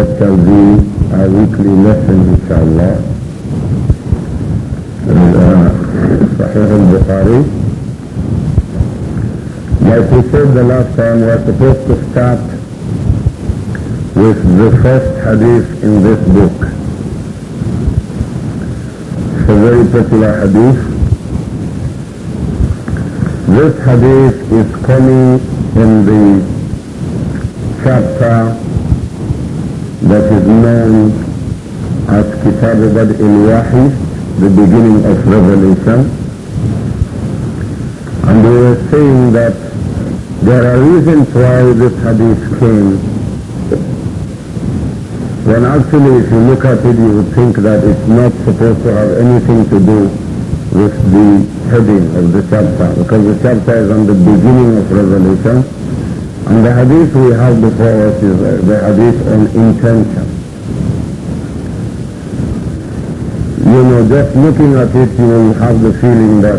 that shall be our weekly lesson inshallah in uh, Sahih al-Bukhari like we said the last time we are supposed to start with the first hadith in this book it's a very popular hadith this hadith is coming in the chapter that is known as Kitab al-Bad al-Wahi, the beginning of revelation. And we were saying that there are reasons why this hadith came. When actually if you look at it you would think that it's not supposed to have anything to do with the heading of the chapter because the chapter is on the beginning of revelation and the hadith we have before us is the hadith on intention. You know, just looking at it, you will have the feeling that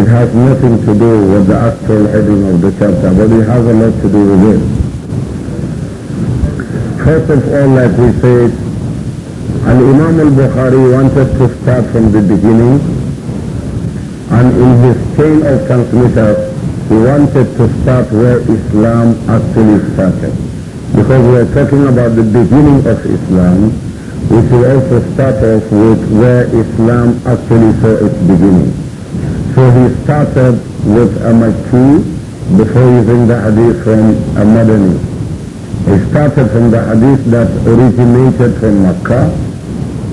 it has nothing to do with the actual heading of the chapter, but it has a lot to do with it. First of all, like we said, Al-Imam al-Bukhari wanted to start from the beginning, and in his chain of transmitters, he wanted to start where Islam actually started. Because we're talking about the beginning of Islam, we should also start off with where Islam actually saw its beginning. So he started with a Makki before using the hadith from a Madani. He started from the hadith that originated from Makkah,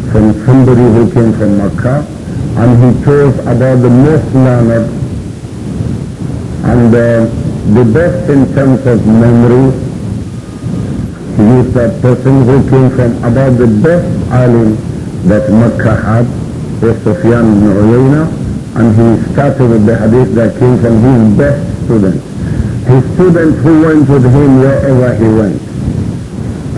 from somebody who came from Makkah, and he chose about the most learned and uh, the best in terms of memory is that person who came from about the best alim that Makkah had was Sufyan ibn Uyayna and he started with the hadith that came from his best student. His student who went with him wherever he went,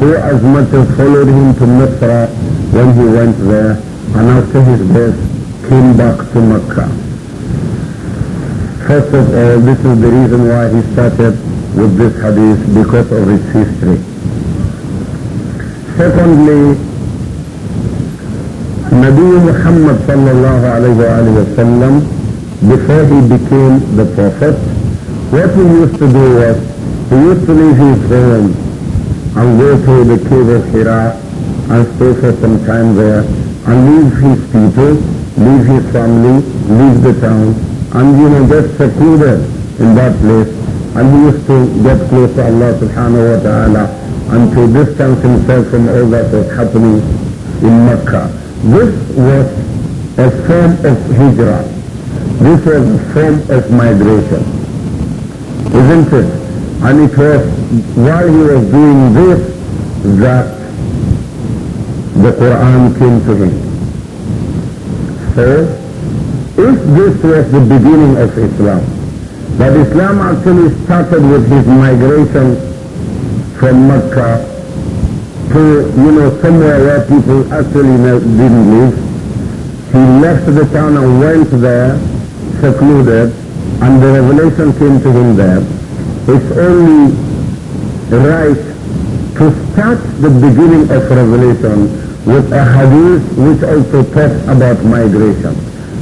who as much as followed him to Misra when he went there and after his death came back to Makkah. First of all, this is the reason why he started with this hadith, because of its history. Secondly, Nabi Muhammad sallallahu alayhi wa sallam, before he became the Prophet, what he used to do was, he used to leave his home and go to the cave of Hira and stay for some time there and leave his people, leave his family, leave the town and you know get secluded in that place and he used to get close to Allah subhanahu wa ta'ala and to distance himself from all that was happening in Mecca. This was a form of hijrah. This was a form of migration. Isn't it? And it was while he was doing this that the Quran came to him. So if this was the beginning of Islam, but Islam actually started with his migration from Mecca to, you know, somewhere where people actually didn't live. He left the town and went there, secluded, and the revelation came to him there. It's only right to start the beginning of revelation with a hadith which also talks about migration.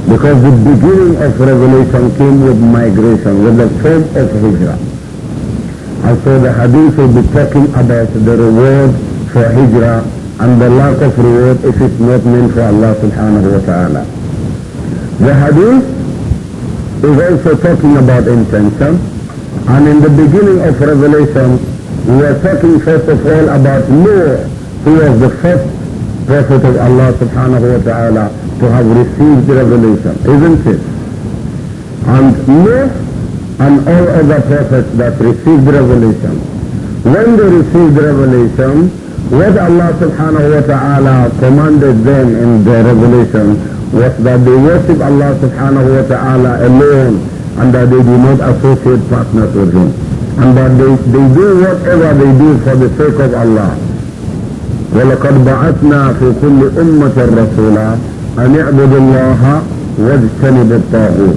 Because the beginning of revelation came with migration, with the first of Hijrah. And so the hadith will be talking about the reward for Hijrah and the lack of reward if it's not meant for Allah subhanahu wa ta'ala. The hadith is also talking about intention. And in the beginning of Revelation, we are talking first of all about Noah, who was the first prophet of Allah subhanahu wa ta'ala to have received the revelation, isn't it? And Nuh and all other prophets that received revelation, when they received revelation, what Allah subhanahu wa ta'ala commanded them in the revelation was that they worship Allah subhanahu wa ta'ala alone and that they do not associate partners with him. And that they, they do whatever they do for the sake of Allah. وَلَقَدْ بَعَثْنَا فِي كُلِّ أُمَّةٍ رَسُولًا أن اعبدوا الله واجتنبوا الطاغوت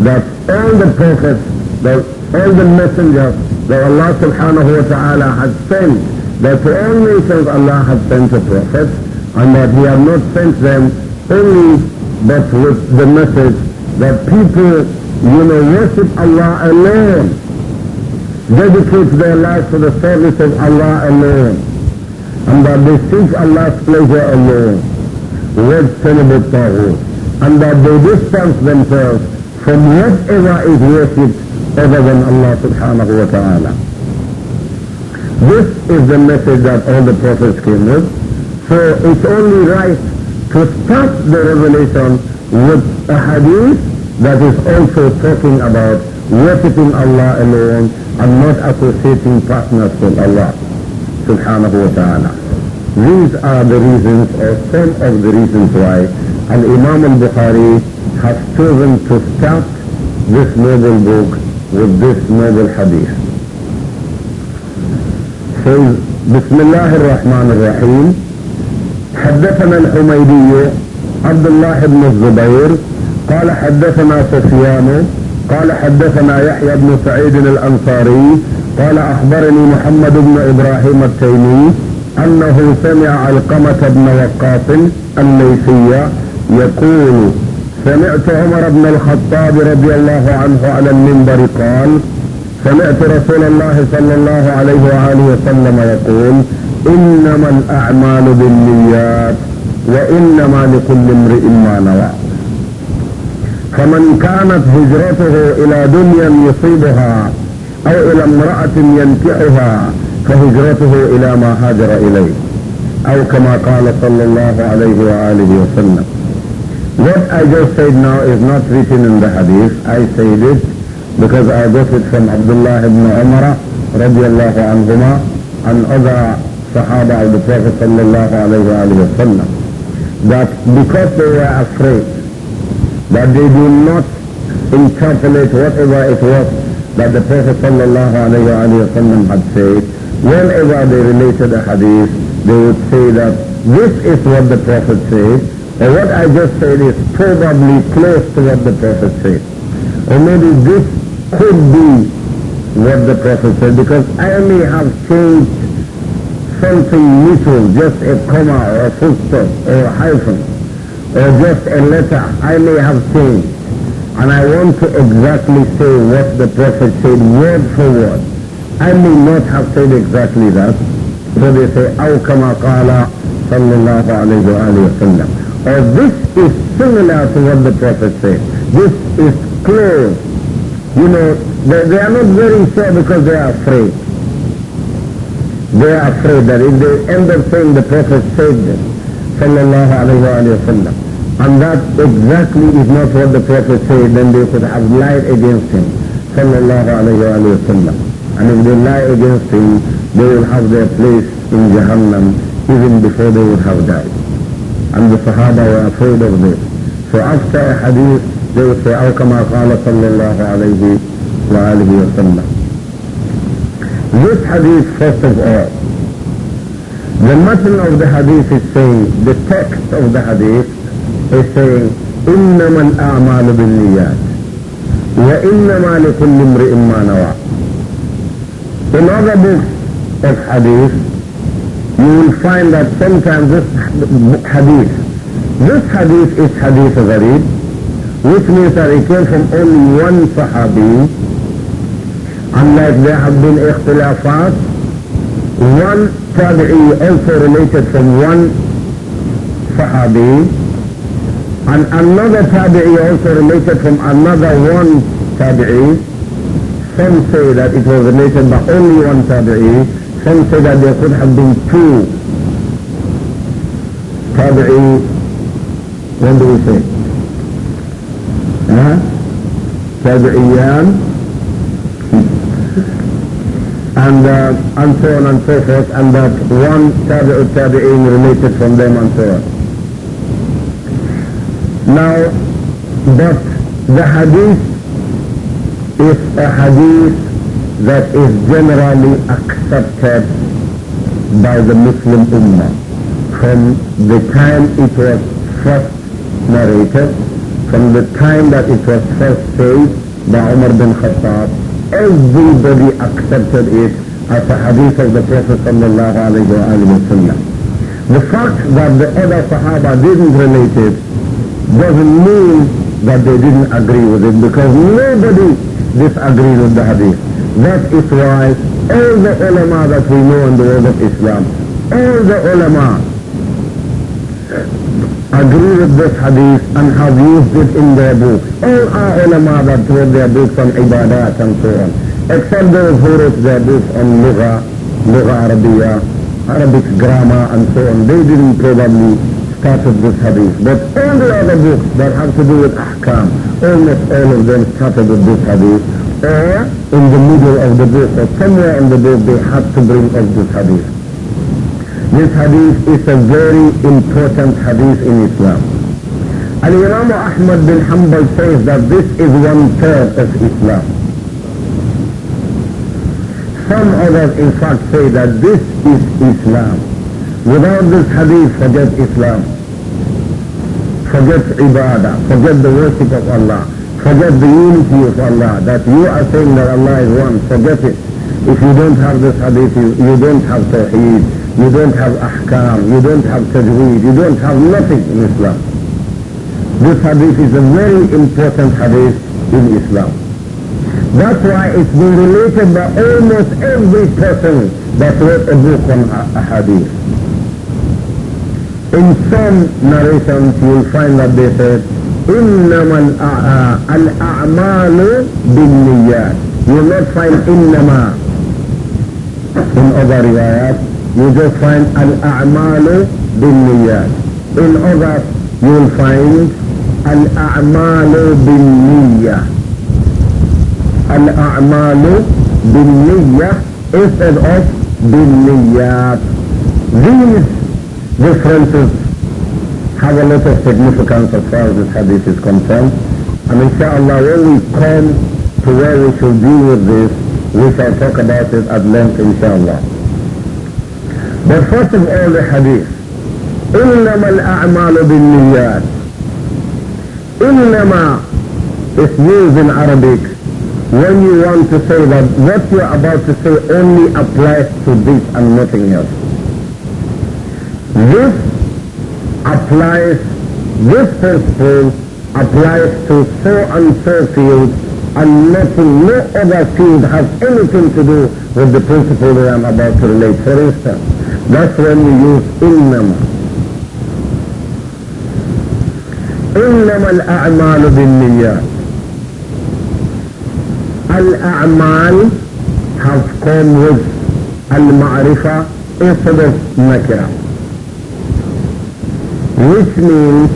that all the prophets, that all the messengers that Allah subhanahu wa ta'ala has sent, that to all nations Allah has sent the prophets, and that He has not sent them only but with the message that people, you know, worship Allah alone, dedicate their lives to the service of Allah alone, and that they seek Allah's pleasure alone web celebratory, and that they distance themselves from whatever is worshipped other than Allah subhanahu wa ta'ala. This is the message that all the prophets came with. So it's only right to start the revelation with a hadith that is also talking about worshipping Allah alone and not associating partners with Allah subhanahu wa ta'ala. These are the reasons or uh, some of the reasons why Al-Imam al-Bukhari has chosen to start this noble book with this noble hadith. Says, بسم الله الرحمن الرحيم حدثنا الحميدي عبد الله بن الزبير قال حدثنا سفيان قال حدثنا يحيى بن سعيد الأنصاري قال أخبرني محمد بن إبراهيم التيمي أنه سمع علقمة بن وقاص الليثي يقول سمعت عمر بن الخطاب رضي الله عنه على المنبر قال سمعت رسول الله صلى الله عليه وآله وسلم يقول إنما الأعمال بالنيات وإنما لكل امرئ ما نوى فمن كانت هجرته إلى دنيا يصيبها أو إلى امرأة ينكحها كهجرته إلى ما هاجر إليه أو كما قال صلى الله عليه وآله وسلم What I just said now is not written in the hadith. I said it because I got it from Abdullah ibn Umar رضي الله عنهما and other Sahaba of the Prophet الله عليه وآله وسلم that because they were afraid that they do not interpolate whatever it was that the Prophet sallallahu alayhi wa sallam had said whenever they related a hadith, they would say that this is what the Prophet said, and what I just said is probably close to what the Prophet said. Or maybe this could be what the Prophet said, because I may have changed something little, just a comma or a footstep or a hyphen, or just a letter I may have changed. And I want to exactly say what the Prophet said word for word. I may not have said exactly that, but they say, أو qala." قال Allah الله عليه وآله Or this is similar to what the Prophet said. This is close. You know, they, they are not very sure because they are afraid. They are afraid that if they end up saying the Prophet said this, sallallahu alayhi wa sallam, and that exactly is not what the Prophet said, then they could have lied against him, sallallahu alayhi wa sallam and if they lie against him, they will have their place in Jahannam even before they would have died. And the Sahaba were afraid of this. So after a hadith, they would say, أو كما قال صلى الله عليه وآله وسلم. This hadith, first of all, the matter of the hadith is saying, the text of the hadith is saying, إنما الأعمال بالنيات وإنما لكل امرئ ما نوى in other books of hadith, you will find that sometimes this hadith, this hadith is hadith of which means that it came from only one sahabi, Unlike there have been ikhtilafat, one tabi'i also related from one sahabi, and another tabi'i also related from another one tabi'i, some say that it was related by only one Tabi'i. Some say that there could have been two Tabi'i. What do we say? Huh? Tabi'iyan. And, uh, and so on and so forth, and that one Tabi'u Tabi'in related from them and so on. Now, but the hadith is a hadith that is generally accepted by the Muslim Ummah from the time it was first narrated, from the time that it was first said by Umar bin Khattab, everybody accepted it as a hadith of the Prophet sallallahu alayhi wa sallam. The fact that the other Sahaba didn't relate it doesn't mean that they didn't agree with it because nobody this agrees with the hadith. That is why all the ulama that we know in the world of Islam, all the ulama agree with this hadith and have used it in their books. All our ulama that wrote their books on ibadat and so on, except those who wrote their books on lugha, lugha arabiya, Arabic grammar and so on, they didn't probably part of this hadith, but all the other books that have to do with ahkam, almost all of them started with this hadith, or in the middle of the book, or somewhere in the book, they have to bring up this hadith. This hadith is a very important hadith in Islam. Al-Imam Ahmad bin Hanbal says that this is one-third of Islam. Some others in fact say that this is Islam. Without this hadith, forget Islam forget ibadah, forget the worship of Allah, forget the unity of Allah, that you are saying that Allah is one, forget it. If you don't have this hadith, you, you don't have tawheed, you don't have ahkam, you don't have tajweed, you don't have nothing in Islam. This hadith is a very important hadith in Islam. That's why it's been related by almost every person that wrote a book on a hadith. In some narrations you'll find that they said, al-`amalu الأعمال بالنيات You will not find إنما in other riwayat you just find al-a'malu bin-niyat in others you will find al-a'malu bin-niyah al-a'malu bin-niyah instead of bin-niyat these differences have a lot of significance as far as this hadith is concerned. And inshallah, when we come to where we should deal with this, we shall talk about it at length, inshallah. But first of all, the hadith. إنما الأعمال بالنيات إنما is used in Arabic when you want to say that what you are about to say only applies to this and nothing else. This applies, this principle applies to so and so fields and nothing, no other field has anything to do with the principle that I'm about to relate. For instance, that's when we use innama. إنما الأعمال بالنيات الأعمال have come with المعرفة instead of nakira which means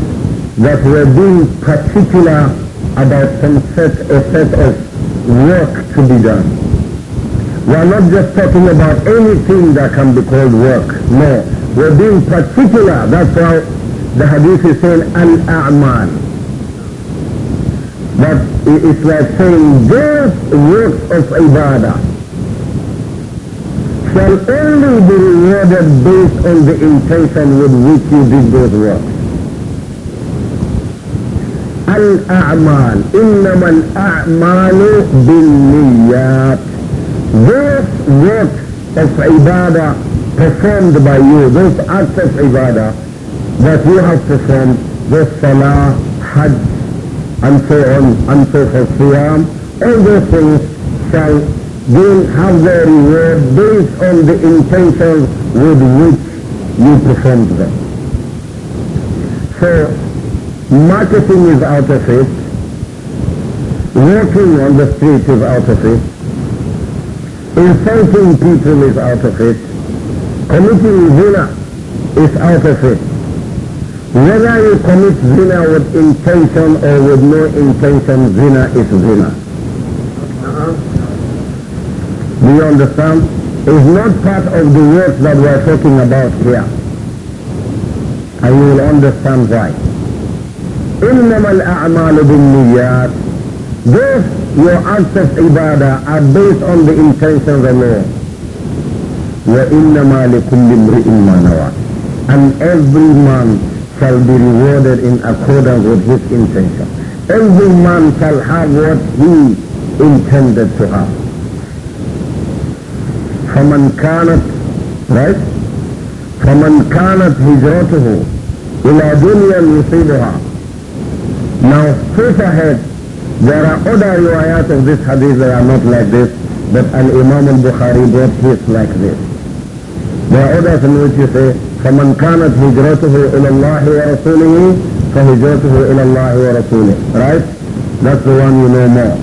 that we're being particular about some set, a set of work to be done. We're not just talking about anything that can be called work. No. We're being particular. That's why the hadith is saying al-a'man. But it's like saying those works of ibadah shall only be rewarded based on the intention with which you did those works. Al-A'mal, إِنَّمَا الْأَعْمَالُ بِالنِّيَّاتِ Those works of ibadah performed by you, those acts of ibadah that you have performed, the salah, hajj, and so on, and so forth, all those things shall will have their reward based on the intention with which you performed them. So, marketing is out of it, Working on the street is out of it, insulting people is out of it, committing zina is out of it. Whether you commit zina with intention or with no intention, zina is zina you understand? Is not part of the work that we are talking about here. And you will understand why. إنما الأعمال بالنيات Those your acts of ibadah are based on the intentions alone. وإنما لكل امرئ ما نوى And every man shall be rewarded in accordance with his intention. Every man shall have what he intended to have. فمن كانت right فمن كانت هجرته إلى دنيا يصيبها Now straight ahead there are other riwayat of this hadith that are not like this but an imam al-Bukhari brought his like this. There are others in which you say فمن كانت هجرته إلى الله ورسوله فهجرته إلى الله ورسوله right? That's the one you know more.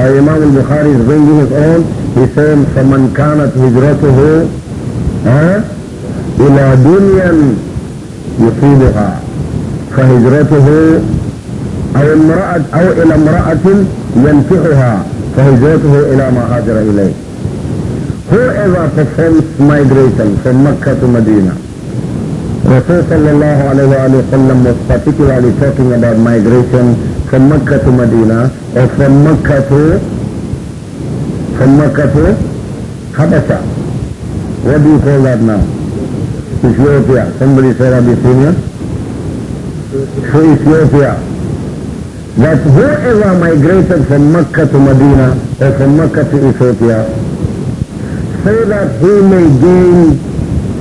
uh, imam al-Bukhari is bringing his own حسين فمن كانت هجرته إلى دنيا يصيبها فهجرته أو امرأة أو إلى امرأة ينكحها فهجرته إلى ما هاجر إليه Whoever performs migration from Mecca to Medina, Rasul sallallahu alayhi wa sallam was particularly talking about migration from Mecca to Medina or from Mecca to from Mecca to Habasha. What do you call that now? Ethiopia. Somebody said Abyssinia. So Ethiopia. That whoever migrated from Makkah to Medina or from Makkah to Ethiopia, so that he may gain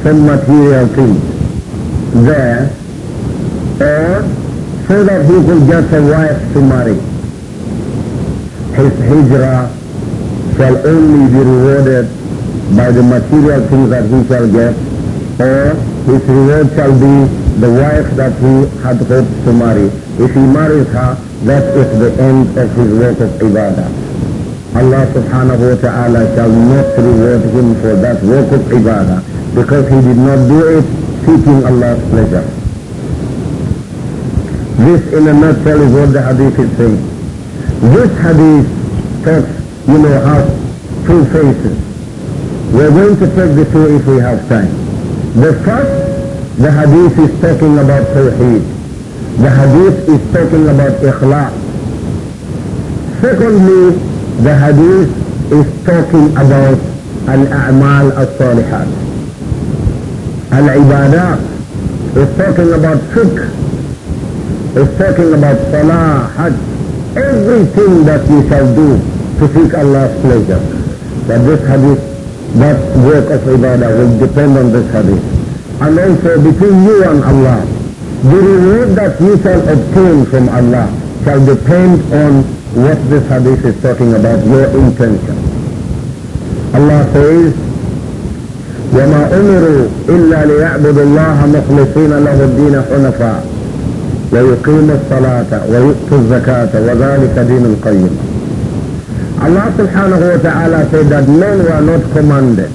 some material things there, or so that he could get a wife to marry. His hijrah shall only be rewarded by the material things that he shall get, or his reward shall be the wife that he had hoped to marry. If he marries her, that is the end of his work of ibadah. Allah subhanahu wa ta'ala shall not reward him for that work of ibadah because he did not do it seeking Allah's pleasure. This in a nutshell is what the hadith is saying. This hadith talks you may have two faces. We're going to take the two if we have time. The first, the hadith is talking about Tawheed. The hadith is talking about ikhlāq. Secondly, the hadith is talking about Al-A'mal Al-Salihat. Al-Ibadat is talking about fiqh. It's talking about Salah, Hajj, everything that you shall do to seek Allah's pleasure. But this hadith, that work of ibadah will depend on this hadith. And also between you and Allah, the reward that you shall obtain from Allah shall depend on what this hadith is talking about, your intention. Allah says, وما أمروا إلا ليعبدوا الله مخلصين له الدين حنفاء ويقيموا الصلاة ويؤتوا الزكاة وذلك دين القيم Allah subhanahu wa ta'ala said that men were not commanded.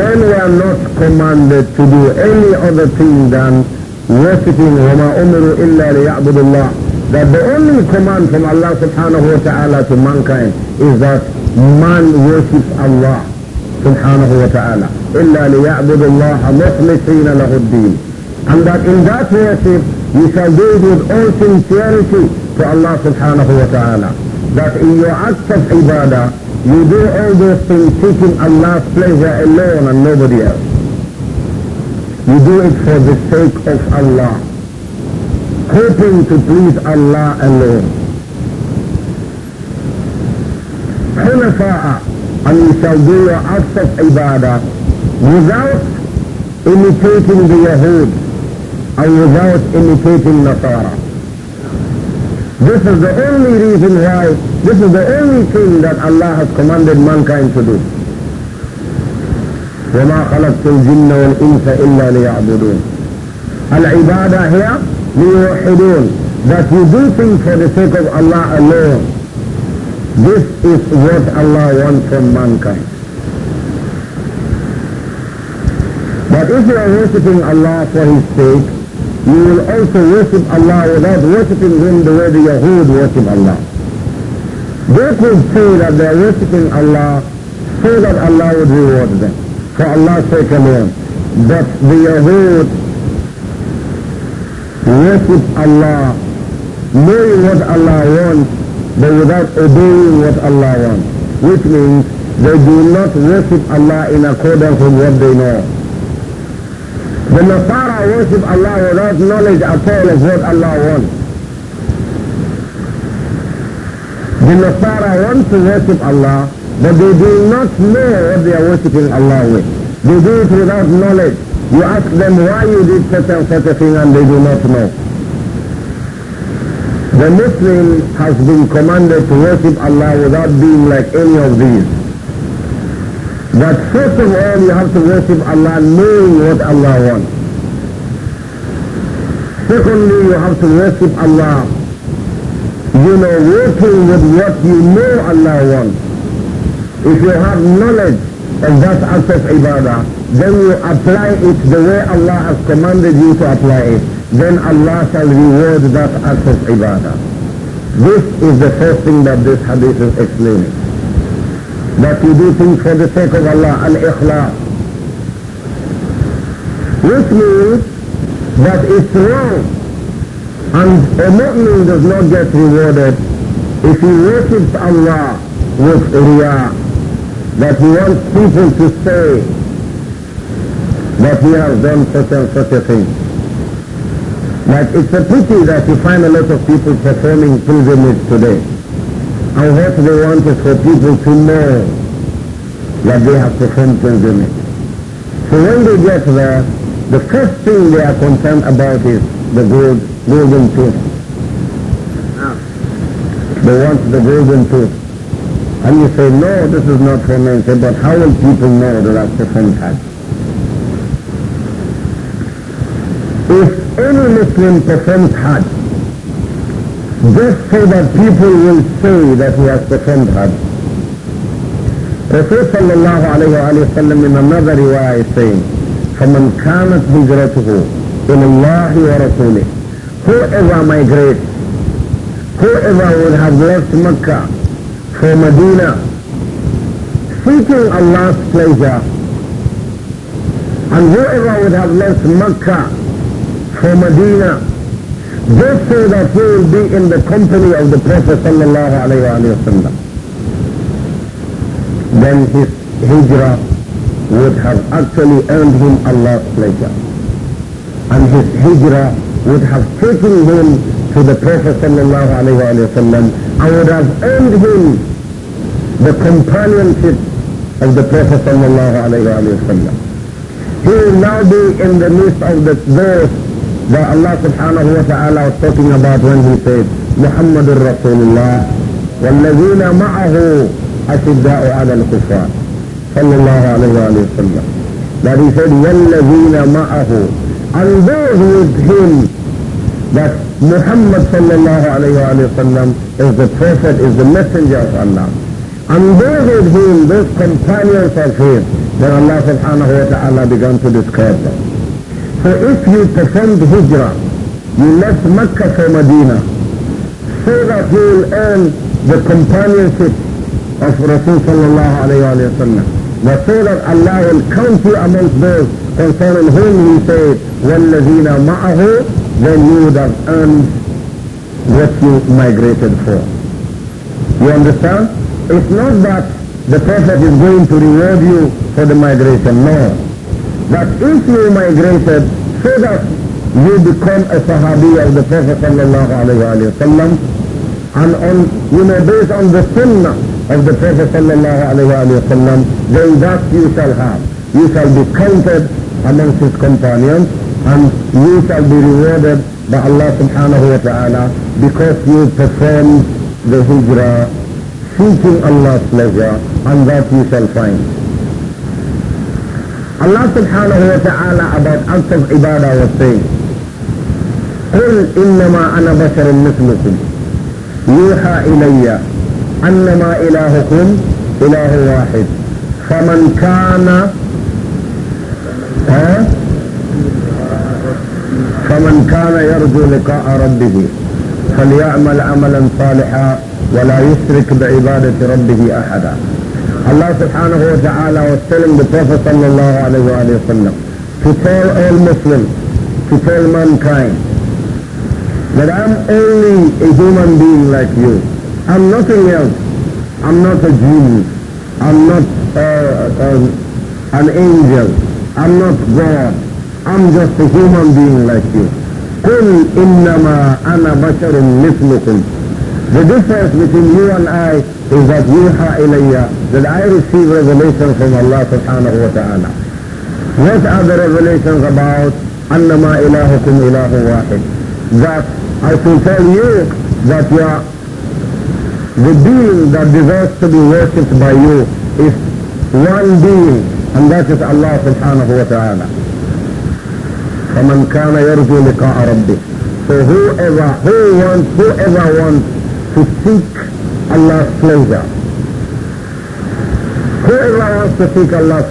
Men were not commanded to do any other thing than worshipping وَمَا أُمِرُوا إِلَّا لِيَعْبُدُ اللَّهِ That the only command from Allah subhanahu wa ta'ala to mankind is that man worships Allah subhanahu wa ta'ala إِلَّا لِيَعْبُدُ اللَّهَ مُخْلِصِينَ لَهُ الدِّينَ And that in that worship you shall do it with all sincerity to Allah subhanahu wa ta'ala. That in your acts of ibadah, you do all those things seeking Allah's pleasure alone and nobody else. You do it for the sake of Allah, hoping to please Allah alone. and you shall do your acts of ibadah without imitating the Yahud and without imitating Nasara. This is the only reason why, this is the only thing that Allah has commanded mankind to do. وما خلقت الجن والإنس إلا ليعبدون العبادة هي ليوحدون that you do things for the sake of Allah alone this is what Allah wants from mankind but if you are worshipping Allah for His sake you will also worship Allah without worshipping Him the way the Yahud worship Allah. They could say that they are worshipping Allah so that Allah would reward them, for Allah's sake alone. But the Yahud worship Allah, knowing what Allah wants, but without obeying what Allah wants, which means they do not worship Allah in accordance with what they know. The Nasara worship Allah without knowledge at all is what Allah wants. The Nasara want to worship Allah, but they do not know what they are worshiping Allah with. They do it without knowledge. You ask them why you did such and such a thing and they do not know. The Muslim has been commanded to worship Allah without being like any of these. But first of all, you have to worship Allah knowing what Allah wants. Secondly, you have to worship Allah, you know, working with what you know Allah wants. If you have knowledge of that act of ibadah, then you apply it the way Allah has commanded you to apply it. Then Allah shall reward that act of ibadah. This is the first thing that this hadith is explaining that you do things for the sake of Allah, al-ikhlas. Which means that it's wrong and a mu'min does not get rewarded if he worships Allah with riyah, that he wants people to say that he has done such and such a thing. But it's a pity that you find a lot of people performing pilgrimage today. And what they want is for people to know that they have performed them. So when they get there, the first thing they are concerned about is the gold, golden tooth. Ah. They want the golden tooth. And you say, no, this is not for men. Say, but how will people know that I've performed Hajj? If any Muslim performs Hajj, just so that people will say that he has performed Hajj. Rasul sallallahu alayhi wa sallam in another riwayah is saying, فَمَنْ كَانَتْ هِجْرَتُهُ إِلَى اللَّهِ وَرَسُولِهِ Whoever migrates, whoever would have left Mecca for Medina, seeking Allah's pleasure, and whoever would have left Mecca for Medina, just so that he will be in the company of the Prophet sallallahu alayhi wa Then his hijrah would have actually earned him Allah's pleasure. And his hijrah would have taken him to the Prophet sallallahu alayhi wa and would have earned him the companionship of the Prophet sallallahu alayhi wa He will now be in the midst of the those But Allah subhanahu wa ta'ala was talking about when he said, Muhammad Rasulullah, وَالَّذِينَ مَعَهُ أَشِدَّاءُ عَلَى الْكُفَّارِ صلى الله عليه وآله وسلم. That he said, وَالَّذِينَ مَعَهُ And those with him, that Muhammad الله عليه وآله وسلم is the prophet, is the messenger of Allah. And those with him, those companions of him, then Allah subhanahu wa ta'ala began to describe them. So if you performed hijrah, you left Mecca for Medina, so that you will earn the companionship of Rasulullah sallallahu The so that Allah will count you amongst those concerning whom He said, وَالَّذِينَ مَعَهُ Then you would have earned what you migrated for. You understand? It's not that the Prophet is going to reward you for the migration. No that if you migrated so that you become a Sahabi of the Prophet sallallahu alayhi wa sallam, and on, you know, based on the Sunnah of the Prophet sallallahu alayhi wa sallam, then that you shall have. You shall be counted amongst his companions, and you shall be rewarded by Allah subhanahu wa ta'ala because you performed the hijrah seeking Allah's pleasure, and that you shall find. Allah subhanahu wa ta'ala about acts of ibadah was saying, قل إنما أنا بشر مثلكم يوحى إلي أنما إلهكم إله واحد فمن كان ها فمن كان يرجو لقاء ربه فليعمل عملا صالحا ولا يشرك بعبادة ربه أحدا Allah subhanahu wa ta'ala was telling the Prophet sallallahu alayhi wa sallam to tell all Muslims, to tell mankind that I'm only a human being like you. I'm nothing else. I'm not a genie. I'm not uh, uh, an angel. I'm not God. I'm just a human being like you. قل إنما أنا بشر مثلكم The difference between you and I is that يوحى إليّ that I receive revelation from Allah subhanahu wa ta'ala. What are the revelations about أَنَّمَا إِلَهُكُمْ إِلَهُ وَاحِدٌ That I can tell you that the being that deserves to be worshipped by you is one being and that is Allah subhanahu wa ta'ala. فَمَنْ كَانَ يَرْجُو لِقَاءَ رَبِّهِ So whoever, who wants, whoever wants to seek Allah's pleasure, whoever wants to seek Allah's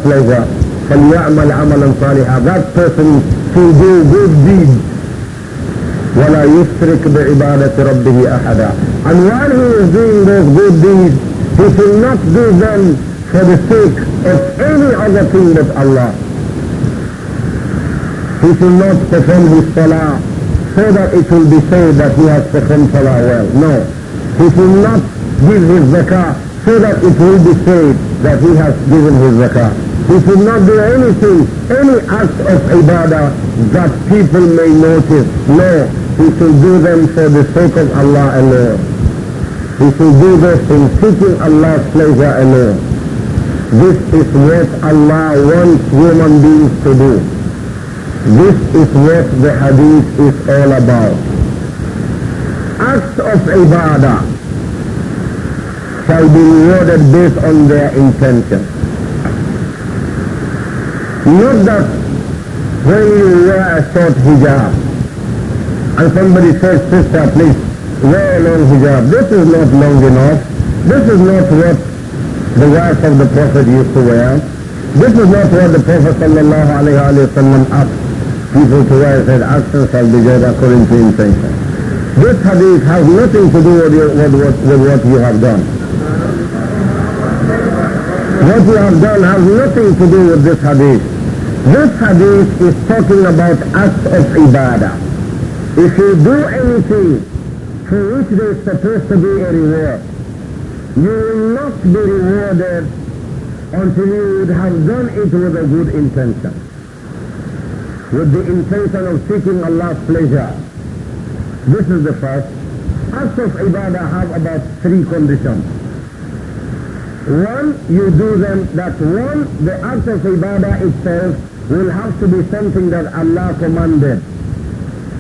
فَلْيَعْمَلْ عَمَلًا صَالِحًا That person should do good deeds. وَلَا يُشْرِكْ بِعِبَادَةِ رَبِّهِ أَحَدًا And while he is doing those good deeds, he should not do them for the sake of any other thing but Allah. He should not perform his salah so that it will be said that he has performed salah well. No. He should not give his zakah so that it will be said that he has given his zakah. He should not do anything, any act of ibadah that people may notice. No, he should do them for the sake of Allah alone. He should do this in seeking Allah's pleasure alone. This is what Allah wants human beings to do. This is what the hadith is all about. Acts of ibadah shall be rewarded based on their intention. Not that when you wear a short hijab and somebody says, sister, please wear a long hijab. This is not long enough. This is not what the wife of the Prophet used to wear. This is not what the Prophet sallallahu alayhi wa sallam asked people to wear. He said, actions shall be judged according to intention. This hadith has nothing to do with, your, with, with, with what you have done what you have done has nothing to do with this hadith. This hadith is talking about acts of ibadah. If you do anything for which there is supposed to be a reward, you will not be rewarded until you would have done it with a good intention. With the intention of seeking Allah's pleasure. This is the first. Acts of ibadah have about three conditions. One, you do them that one, the act of ibadah itself will have to be something that Allah commanded.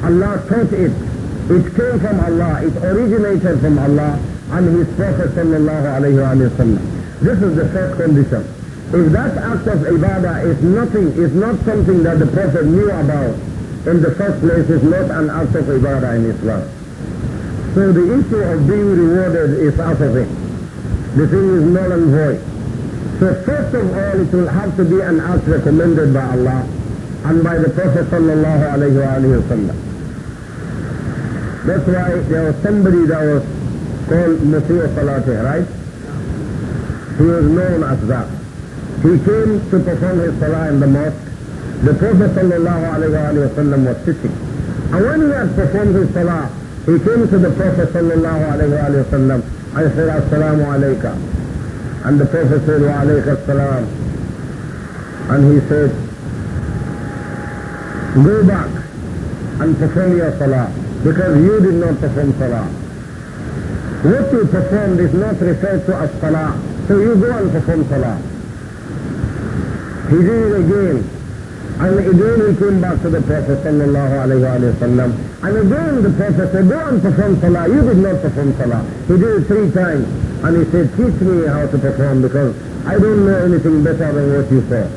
Allah taught it. It came from Allah. It originated from Allah and His Prophet sallallahu alayhi wa sallam. This is the first condition. If that act of ibadah is nothing, is not something that the Prophet knew about, in the first place is not an act of ibadah in Islam. So the issue of being rewarded is out of it. The thing is null and void. So first of all, it will have to be an act recommended by Allah and by the Prophet sallallahu alayhi wa sallam. That's why there was somebody that was called Masih Salatih, right? He was known as that. He came to perform his salah in the mosque. The Prophet ﷺ was sitting. And when he had performed his salah, he came to the Prophet ﷺ I said, Assalamu alayka. And the Prophet said, Wa alayka salam. And he said, go back and perform your salah because you did not perform salah. What you performed is not referred to as salah. So you go and perform salah. He did it again. And again he came back to the Prophet sallallahu And again the Prophet said, go and perform salah. You did not perform salah. He did it three times. And he said, teach me how to perform because I don't know anything better than what you said.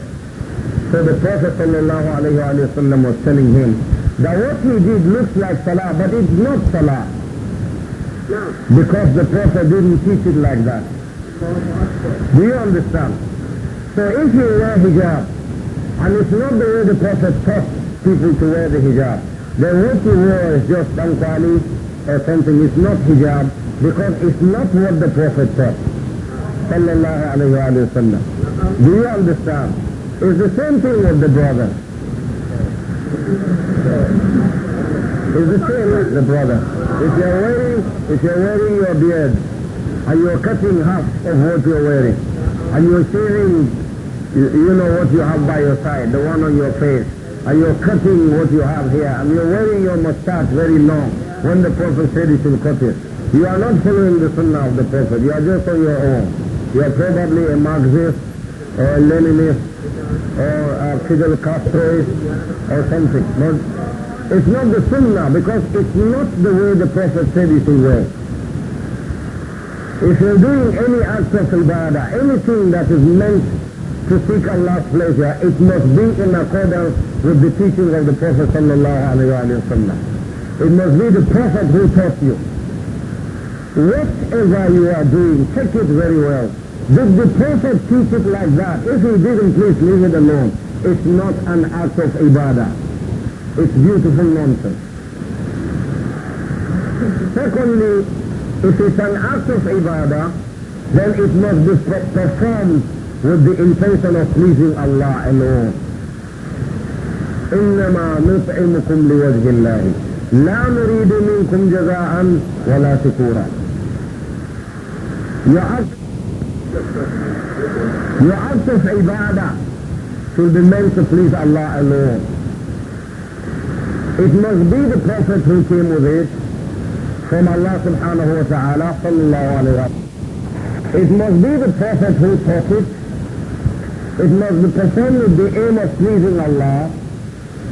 So the Prophet sallallahu alayhi wasallam was telling him that what he did looks like salah, but it's not salah. Because the Prophet didn't teach it like that. Do you understand? So if you wear hijab, and it's not the way the Prophet taught people to wear the hijab. The way you wore is just bankwali or something. It's not hijab because it's not what the Prophet taught. Sallallahu alayhi wa sallam. Do you understand? It's the same thing with the brother. It's the same with the brother. If you're wearing, if you're wearing your beard and you're cutting half of what you're wearing and you're shaving you, you know what you have by your side, the one on your face. And you're cutting what you have here. And you're wearing your mustache very long when the Prophet said he should cut it. You are not following the sunnah of the Prophet. You are just on your own. You are probably a Marxist or a Leninist or a Fidel Castroist or something. But it's not the sunnah because it's not the way the Prophet said it should wear. If you're doing any act of ibadah, anything that is meant to seek Allah's pleasure, it must be in accordance with the teachings of the Prophet sallallahu It must be the Prophet who taught you. Whatever you are doing, check it very well. Did the Prophet teach it like that? If he didn't, please leave it alone. It's not an act of ibadah. It's beautiful nonsense. Secondly, if it's an act of ibadah, then it must be performed with the intention of pleasing Allah alone. إنما نطعمكم لوجه الله لا نريد منكم جزاء ولا شكورا يعطف عبادة should be meant to please Allah alone. It must be the Prophet who came with it from Allah subhanahu wa ta'ala sallallahu alayhi wa It must be the Prophet who taught it it must be performed with the aim of pleasing Allah,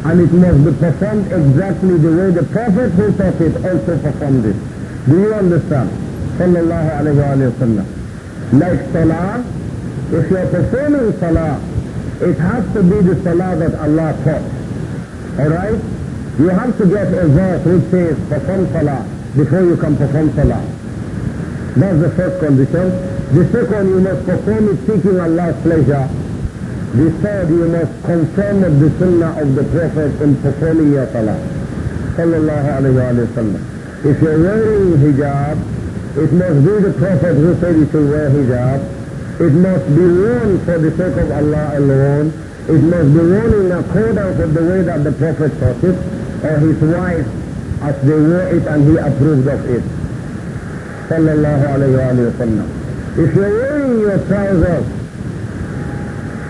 and it must be performed exactly the way the Prophet who taught it also performed it. Do you understand? Sallallahu alayhi wa sallam. Like Salah, if you are performing Salah, it has to be the Salah that Allah taught. Alright? You have to get a verse which says perform Salah before you can perform Salah. That's the first condition. The second, you must perform it seeking Allah's pleasure before said you must confirm the sunnah of the Prophet in performing your salah. Sallallahu alayhi wa sallam. If you're wearing hijab, it must be the Prophet who said you should wear hijab. It must be worn for the sake of Allah alone. It must be worn in accordance with the way that the Prophet taught it, or his wife as they wore it and he approved of it. Sallallahu alayhi wa sallam. If you're wearing your trousers,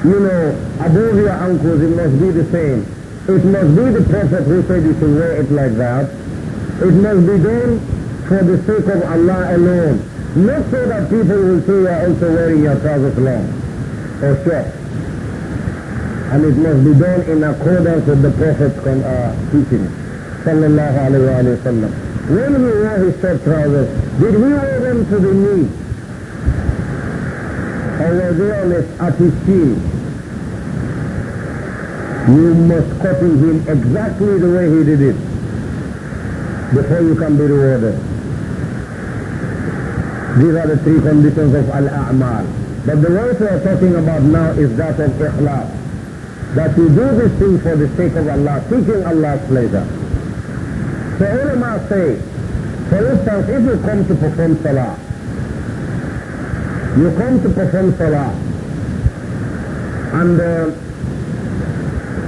you know, above your ankles it must be the same. It must be the Prophet who said you should wear it like that. It must be done for the sake of Allah alone. Not so that people will see you are also wearing your trousers long or short. And it must be done in accordance with the Prophet's uh, teaching. Sallallahu alayhi wa sallam. When he wore his short trousers, did he wear them to the knee? and were there his, at his feet. You must copy him exactly the way he did it before you can be rewarded. These are the three conditions of al-a'mal. But the one we are talking about now is that of ikhlas. That you do this thing for the sake of Allah, seeking Allah's pleasure. So ulama say, for instance, if you come to perform salah, you come to perform salah and uh,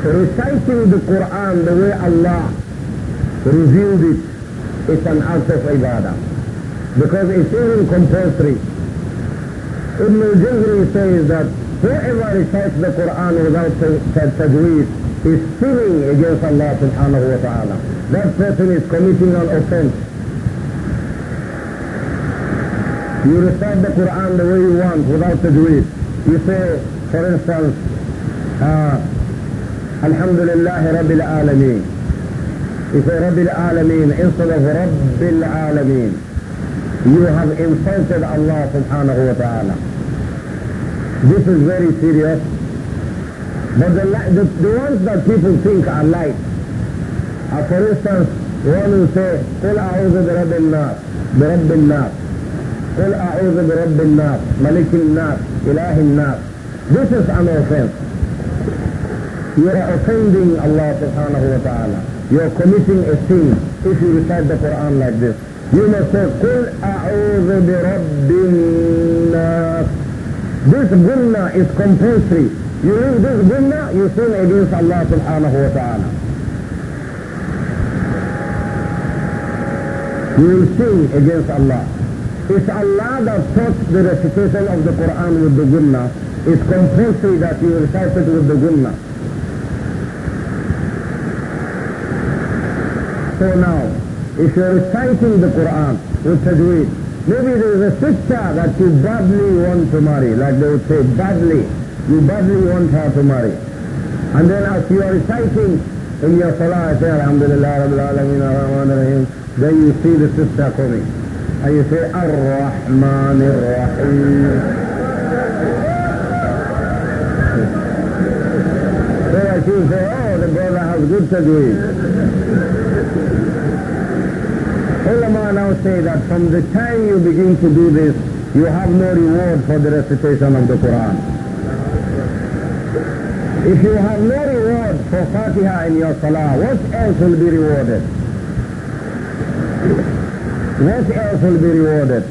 reciting the Quran the way Allah revealed it is an act of ibadah because it even compulsory. Ibn Jazri says that whoever recites the Quran without tajweed is sinning against Allah subhanahu wa ta'ala. That person is committing an offense. You recite the Quran the way you want without tajweed. You say, for instance, uh, Alhamdulillah Rabbil Alameen. You say Rabbil Alameen instead of Rabbil Alameen. You have insulted Allah subhanahu wa ta'ala. This is very serious. But the, the, the ones that people think are light, uh, for instance, one will say, قل أعوذ برب الناس, برب الناس. قل أعوذ برب النار ملك النار إله النار This is an offense. You are offending Allah subhanahu wa ta'ala. You are committing a sin if you recite the Quran like this. You must say, قل أعوذ برب النار This gunna is compulsory. You leave this gunna, you sin against Allah subhanahu wa ta'ala. You will sin against Allah. If Allah that taught the recitation of the Quran with the Jinnah, it's compulsory that you recite it with the Jinnah. So now, if you're reciting the Quran with Tajweed, maybe there is a sister that you badly want to marry, like they would say, badly, you badly want her to marry. And then as you are reciting in your salah, say, Alhamdulillah, Rabbil Alameen, rahman rahim then you see the sister coming. حيث الرحمن الرحيم So she say, oh, the brother has good tajweed. Ulama now say that from the time you begin to do this, you have no reward for the recitation of the Quran. If you have no reward for Fatiha in your Salah, what else will be rewarded? This else will be rewarded.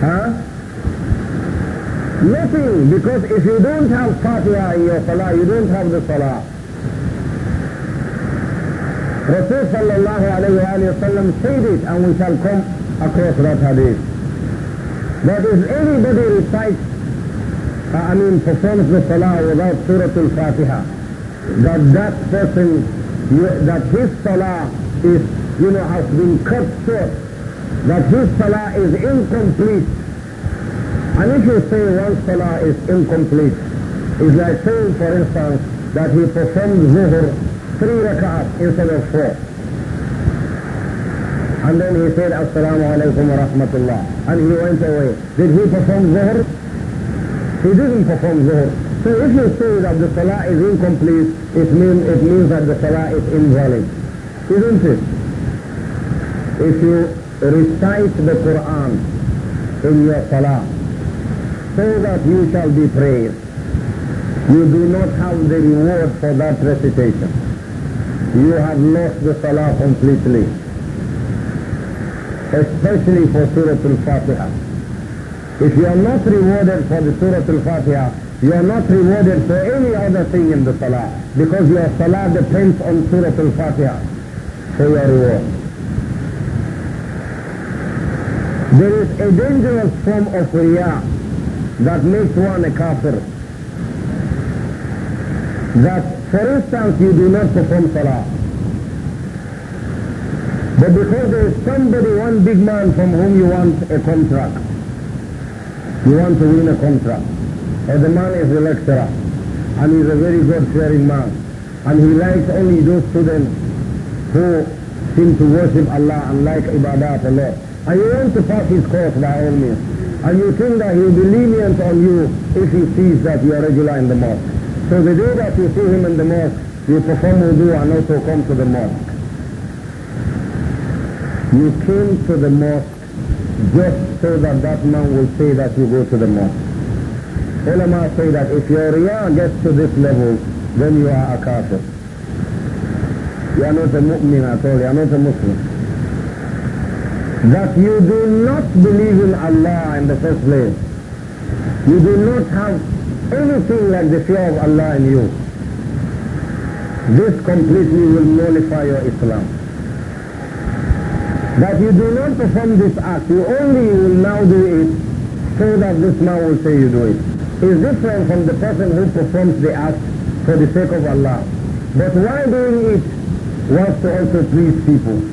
Huh? Nothing, because if you don't have fatiha in your salah, you don't have the salah. Rasul sallallahu alayhi wa sallam said it, and we shall come across that hadith. But if anybody recites, uh, I mean performs the salah without Surah Al-Fatiha, that that person, that his salah is you know, has been cut short, that his salah is incomplete. And if you say one salah is incomplete, it's like saying, for instance, that he performed zuhur three rak'ahs instead of four. And then he said, Assalamu alaikum wa rahmatullah. And he went away. Did he perform zuhur? He didn't perform zuhur. So if you say that the salah is incomplete, it means, it means that the salah is invalid. Isn't it? if you recite the Quran in your salah, so that you shall be praised. You do not have the reward for that recitation. You have lost the salah completely, especially for Surah Al-Fatiha. If you are not rewarded for the Surah Al-Fatiha, you are not rewarded for any other thing in the salah, because your salah depends on Surah Al-Fatiha for your reward. There is a dangerous form of riya that makes one a kafir. That, for instance, you do not perform salah. But because there is somebody, one big man from whom you want a contract, you want to win a contract, and the man is a lecturer, and he's a very God-fearing man, and he likes only those students who seem to worship Allah and like ibadat a lot and you want to pass his course by all means. And you think that he'll be lenient on you if he sees that you are regular in the mosque. So the day that you see him in the mosque, you perform wudu and also come to the mosque. You came to the mosque just so that that man will say that you go to the mosque. Ulama say that if your riyah gets to this level, then you are a kafir. You are not a mu'min at all, you are not a Muslim that you do not believe in Allah in the first place. You do not have anything like the fear of Allah in you. This completely will nullify your Islam. That you do not perform this act, you only will now do it so that this man will say you do it. Is different from the person who performs the act for the sake of Allah. But why doing it was to also please people.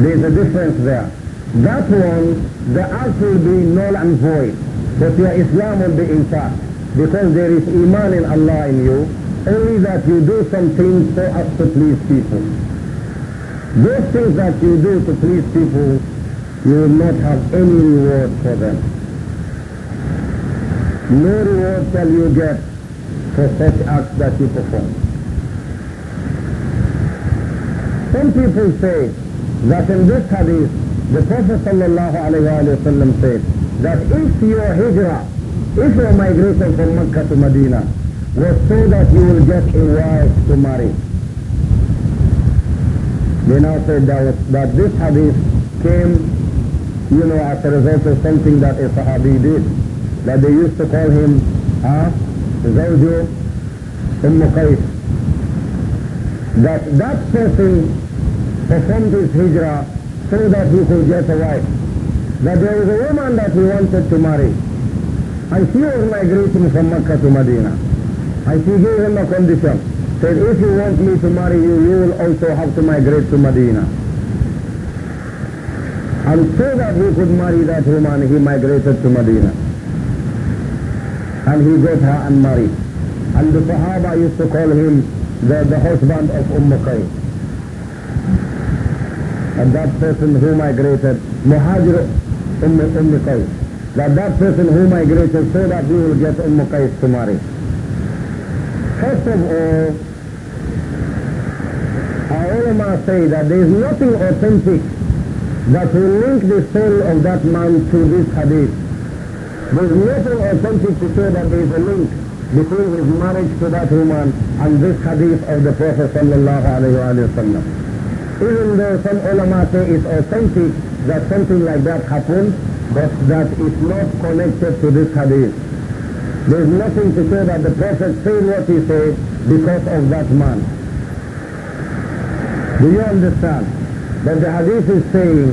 There is a difference there. That one, the act will be null and void. But your Islam will be intact. Because there is Iman in Allah in you, only that you do some things so as to please people. Those things that you do to please people, you will not have any reward for them. No reward shall you get for such acts that you perform. Some people say, that in this hadith, the Prophet ﷺ said that if your hijrah, if your migration from Mecca to Medina was so that you will get a wife to marry, they now said that, that this hadith came, you know, as a result of something that a Sahabi did, that they used to call him, ah, Zawju Umm Qais. That that person performed his hijrah so that he could get a wife. That there was a woman that he wanted to marry. And she was migrating from Mecca to Medina. And she gave him a condition. Said, if you want me to marry you, you will also have to migrate to Medina. And so that he could marry that woman, he migrated to Medina. And he got her and married. And the Sahaba used to call him the, the husband of Umm Qayyim and that person who migrated, Muhajir Umm, Umm Qais, that that person who migrated so that he will get Umm Qais to marry. First of all, our ulama say that there is nothing authentic that will link the soul of that man to this hadith. There is nothing authentic to say that there is a link between his marriage to that woman and this hadith of the Prophet sallallahu alaihi wa sallam even though some ulama say it's authentic that something like that happened, but that is not connected to this hadith. There's nothing to say that the Prophet said what he said because of that man. Do you understand? But the hadith is saying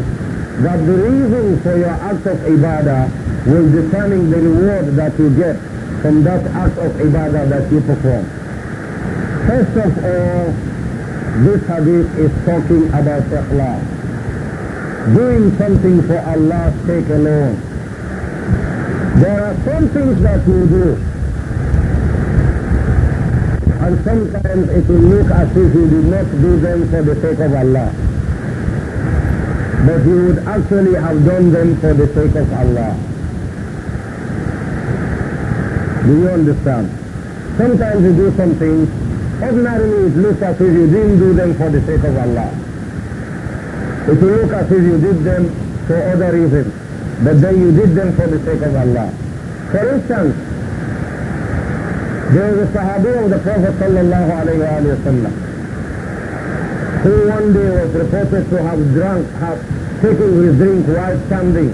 that the reason for your act of ibadah will determine the reward that you get from that act of ibadah that you perform. First of all, this hadith is talking about ikhlas. Doing something for Allah's sake alone. There are some things that we do. And sometimes it will look as if we did not do them for the sake of Allah. But we would actually have done them for the sake of Allah. Do you understand? Sometimes we do some things Ordinarily it looks as if you didn't do them for the sake of Allah. It will look as if you did them for other reasons, but then you did them for the sake of Allah. For instance, there is a Sahabi of the Prophet sallallahu alayhi wa who one day was reported to have drunk, have taken his drink while standing.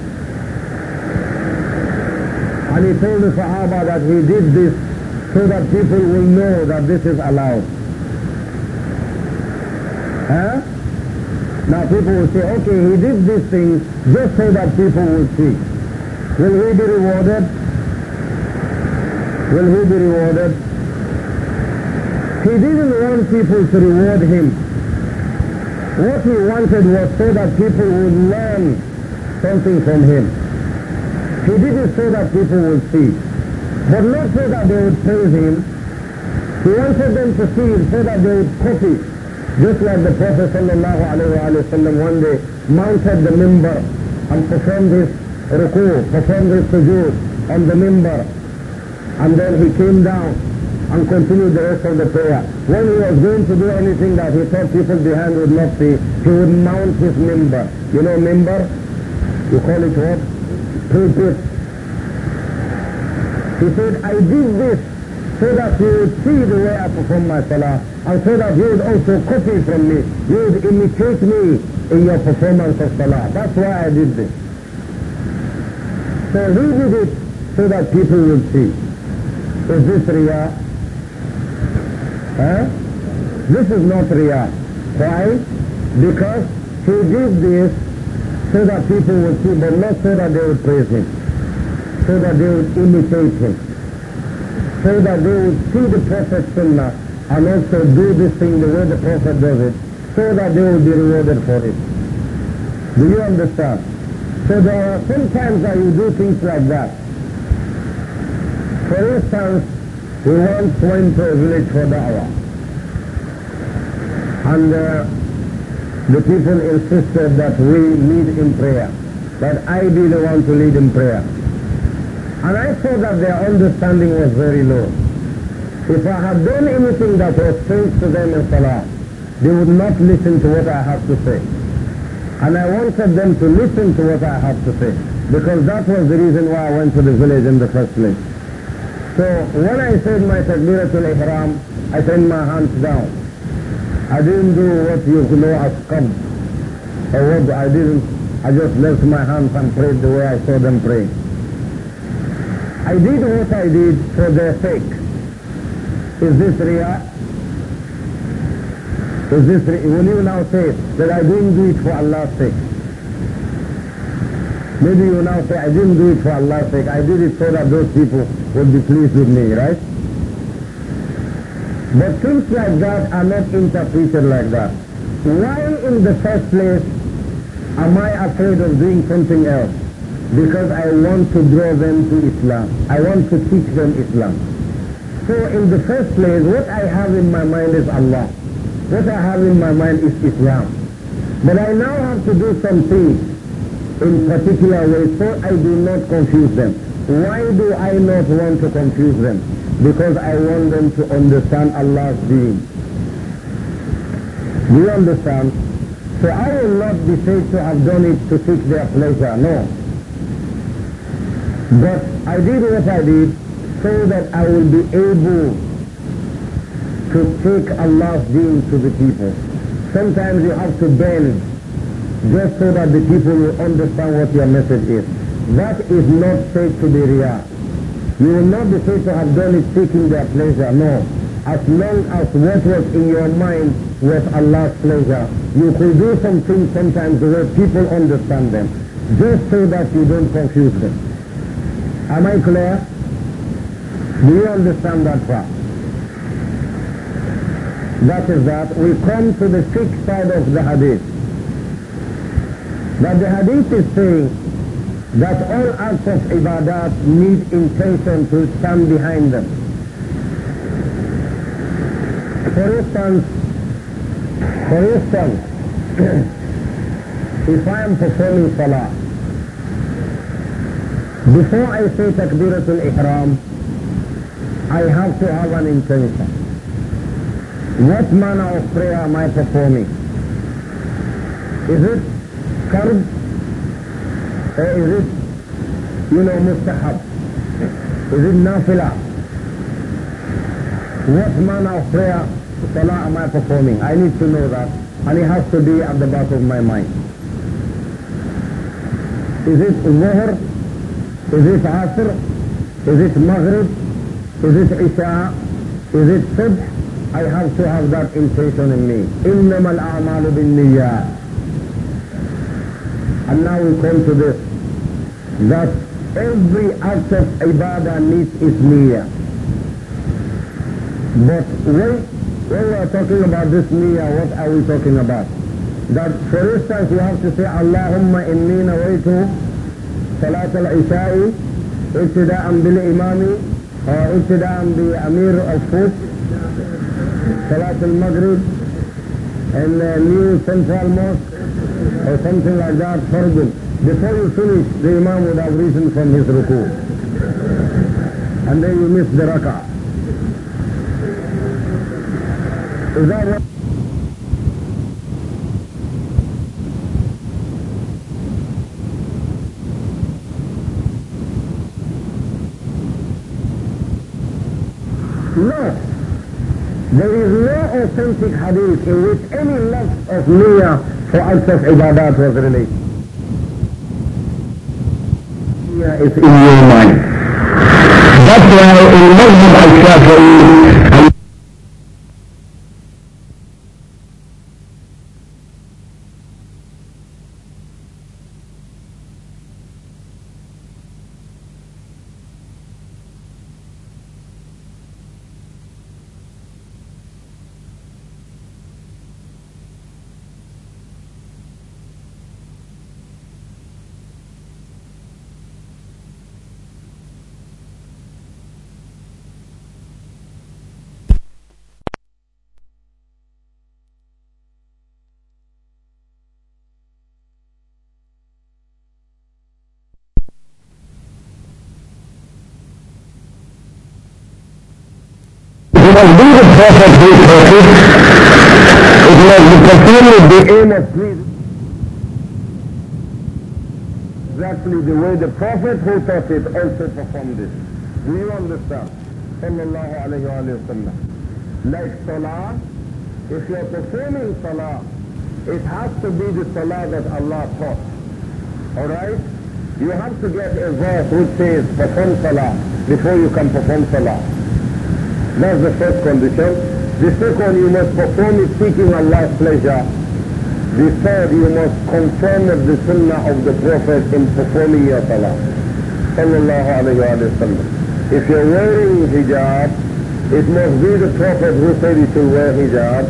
And he told the Sahaba that he did this so that people will know that this is allowed. Huh? Now people will say, okay, he did these things just so that people will see. Will he be rewarded? Will he be rewarded? He didn't want people to reward him. What he wanted was so that people would learn something from him. He did not say that people would see. But not so that they would praise him. He wanted them to see him so that they would copy. Just like the Prophet ﷺ one day mounted the mimbar and performed his ruku, performed his sujood on the mimbar. And then he came down and continued the rest of the prayer. When he was going to do anything that he thought people behind would not see, he would mount his mimbar. You know mimbar? You call it what? Pulpit he said, I did this so that you would see the way I perform my salah and so that you would also copy from me. You would imitate me in your performance of salah. That's why I did this. So he did it so that people would see. Is this Riyah? Huh? This is not Riyah. Why? Because he did this so that people would see, but not so that they would praise him so that they would imitate him, so that they would see the Prophet Sunnah and also do this thing the way the Prophet does it, so that they would be rewarded for it. Do you understand? So there are sometimes that you do things like that. For instance, we once went to a village for da'wah. And uh, the people insisted that we lead in prayer, that I be the one to lead in prayer. And I saw that their understanding was very low. If I had done anything that was strange to them in Salah, they would not listen to what I have to say. And I wanted them to listen to what I have to say, because that was the reason why I went to the village in the first place. So when I said my Takbiratul Ihram, I turned my hands down. I didn't do what you know as qab, or what I didn't. I just left my hands and prayed the way I saw them praying. I did what I did for their sake. Is this Riyah? Is this, will you now say that I didn't do it for Allah's sake? Maybe you now say, I didn't do it for Allah's sake, I did it so that those people would be pleased with me, right? But things like that are not interpreted like that. Why in the first place am I afraid of doing something else? because I want to draw them to Islam. I want to teach them Islam. So in the first place, what I have in my mind is Allah. What I have in my mind is Islam. But I now have to do something in particular way so I do not confuse them. Why do I not want to confuse them? Because I want them to understand Allah's being. Do you understand? So I will not be said to have done it to seek their pleasure. No. But I did what I did so that I will be able to take Allah's deen to the people. Sometimes you have to bend just so that the people will understand what your message is. That is not said to be real. You will not be said to have done it seeking their pleasure, no. As long as what was in your mind was Allah's pleasure, you could do some things sometimes where people understand them, just so that you don't confuse them. Am I clear? Do you understand that part? That is that we come to the sixth side of the hadith. But the hadith is saying that all acts of ibadat need intention to stand behind them. For instance, for instance, if I am performing salah, before I say Takbiratul Ihram, I have to have an intention. What manner of prayer am I performing? Is it Fard or is it, you know, Mustahab? Is it Nafila? What manner of prayer, Salah am I performing? I need to know that and it has to be at the back of my mind. Is it Zuhr is Is it maghrib? Is it isha? Is it Subh, I have to have that intention in me إنما الأعمال بالنيات And now we come to this that every act of ibadah needs its niyyah but when, when we are talking about this niyyah what are we talking about that for instance you have to say Allahumma inni nawaitu صلاة العشاء ابتداء بالإمام ابتداء بأمير الصوف صلاة المغرب ان the new central mosque or something like that, Fargun. Before you finish, the Imam would have risen from his ruku. And then you miss the rak'ah. Is that right? not. There is no authentic hadith in which any love of niyyah for acts of ibadat was related. Niyyah is in your mind. That's why in Muslim al-Shafi'i must be the prophet who taught It must be performed with the aim of Exactly the way the prophet who taught it also performed it. Do you understand? Sallallahu alayhi wa sallam. Like salah, if you are performing salah, it has to be the salah that Allah taught. Alright? You have to get a verse which says perform salah before you can perform salah. That's the first condition. The second, you must perform it seeking Allah's pleasure. The third, you must confirm the sunnah of the Prophet in performing your salah. Sallallahu alayhi wa sallam. If you're wearing hijab, it must be the Prophet who said you should wear hijab.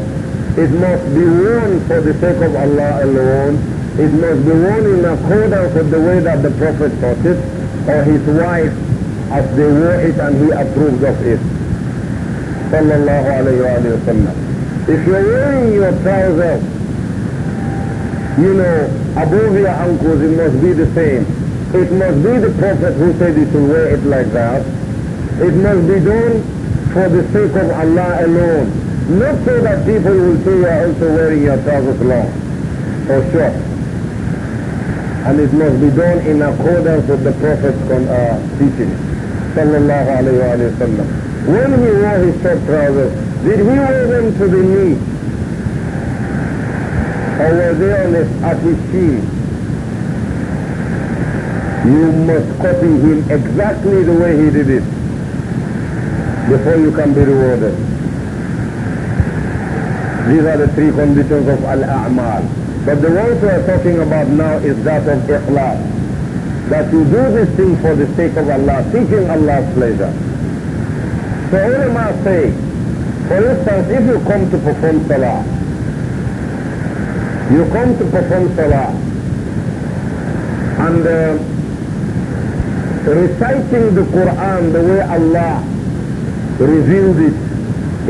It must be worn for the sake of Allah alone. It must be worn in accordance with the way that the Prophet taught it, or his wife, as they wore it and he approved of it sallallahu alayhi wa sallam. If you're wearing your trousers, you know, above your ankles it must be the same. It must be the Prophet who said you should wear it like that. It must be done for the sake of Allah alone. Not so that people will say you are also wearing your trousers long or short. And it must be done in accordance with the Prophet's uh, teaching. Sallallahu alayhi wa sallam. When he wore his short trousers, did he wear them to the knee? Or were they on his, at his feet? You must copy him exactly the way he did it before you can be rewarded. These are the three conditions of al-a'mal. But the one we are talking about now is that of ikhlas. That you do this thing for the sake of Allah, seeking Allah's pleasure. So all my say, For instance, if you come to perform salah, you come to perform salah, and uh, reciting the Quran the way Allah revealed it,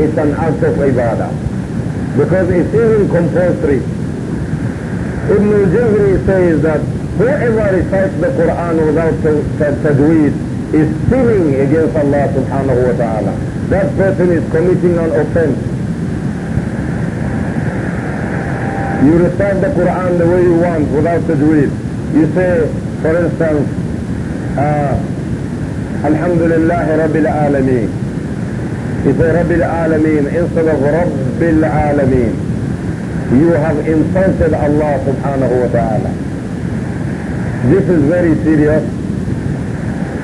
it's an act of ibadah. Because it's even compulsory. Ibn al-Jazri says that whoever recites the Quran without tajweed, is sinning against Allah subhanahu wa ta'ala. That person is committing an offense. You recite the Quran the way you want without tajweed. You say, for instance, uh, Alhamdulillah Rabbil Alameen. You say Rabbil Alameen instead of Rabbil Alameen. You have insulted Allah subhanahu wa ta'ala. This is very serious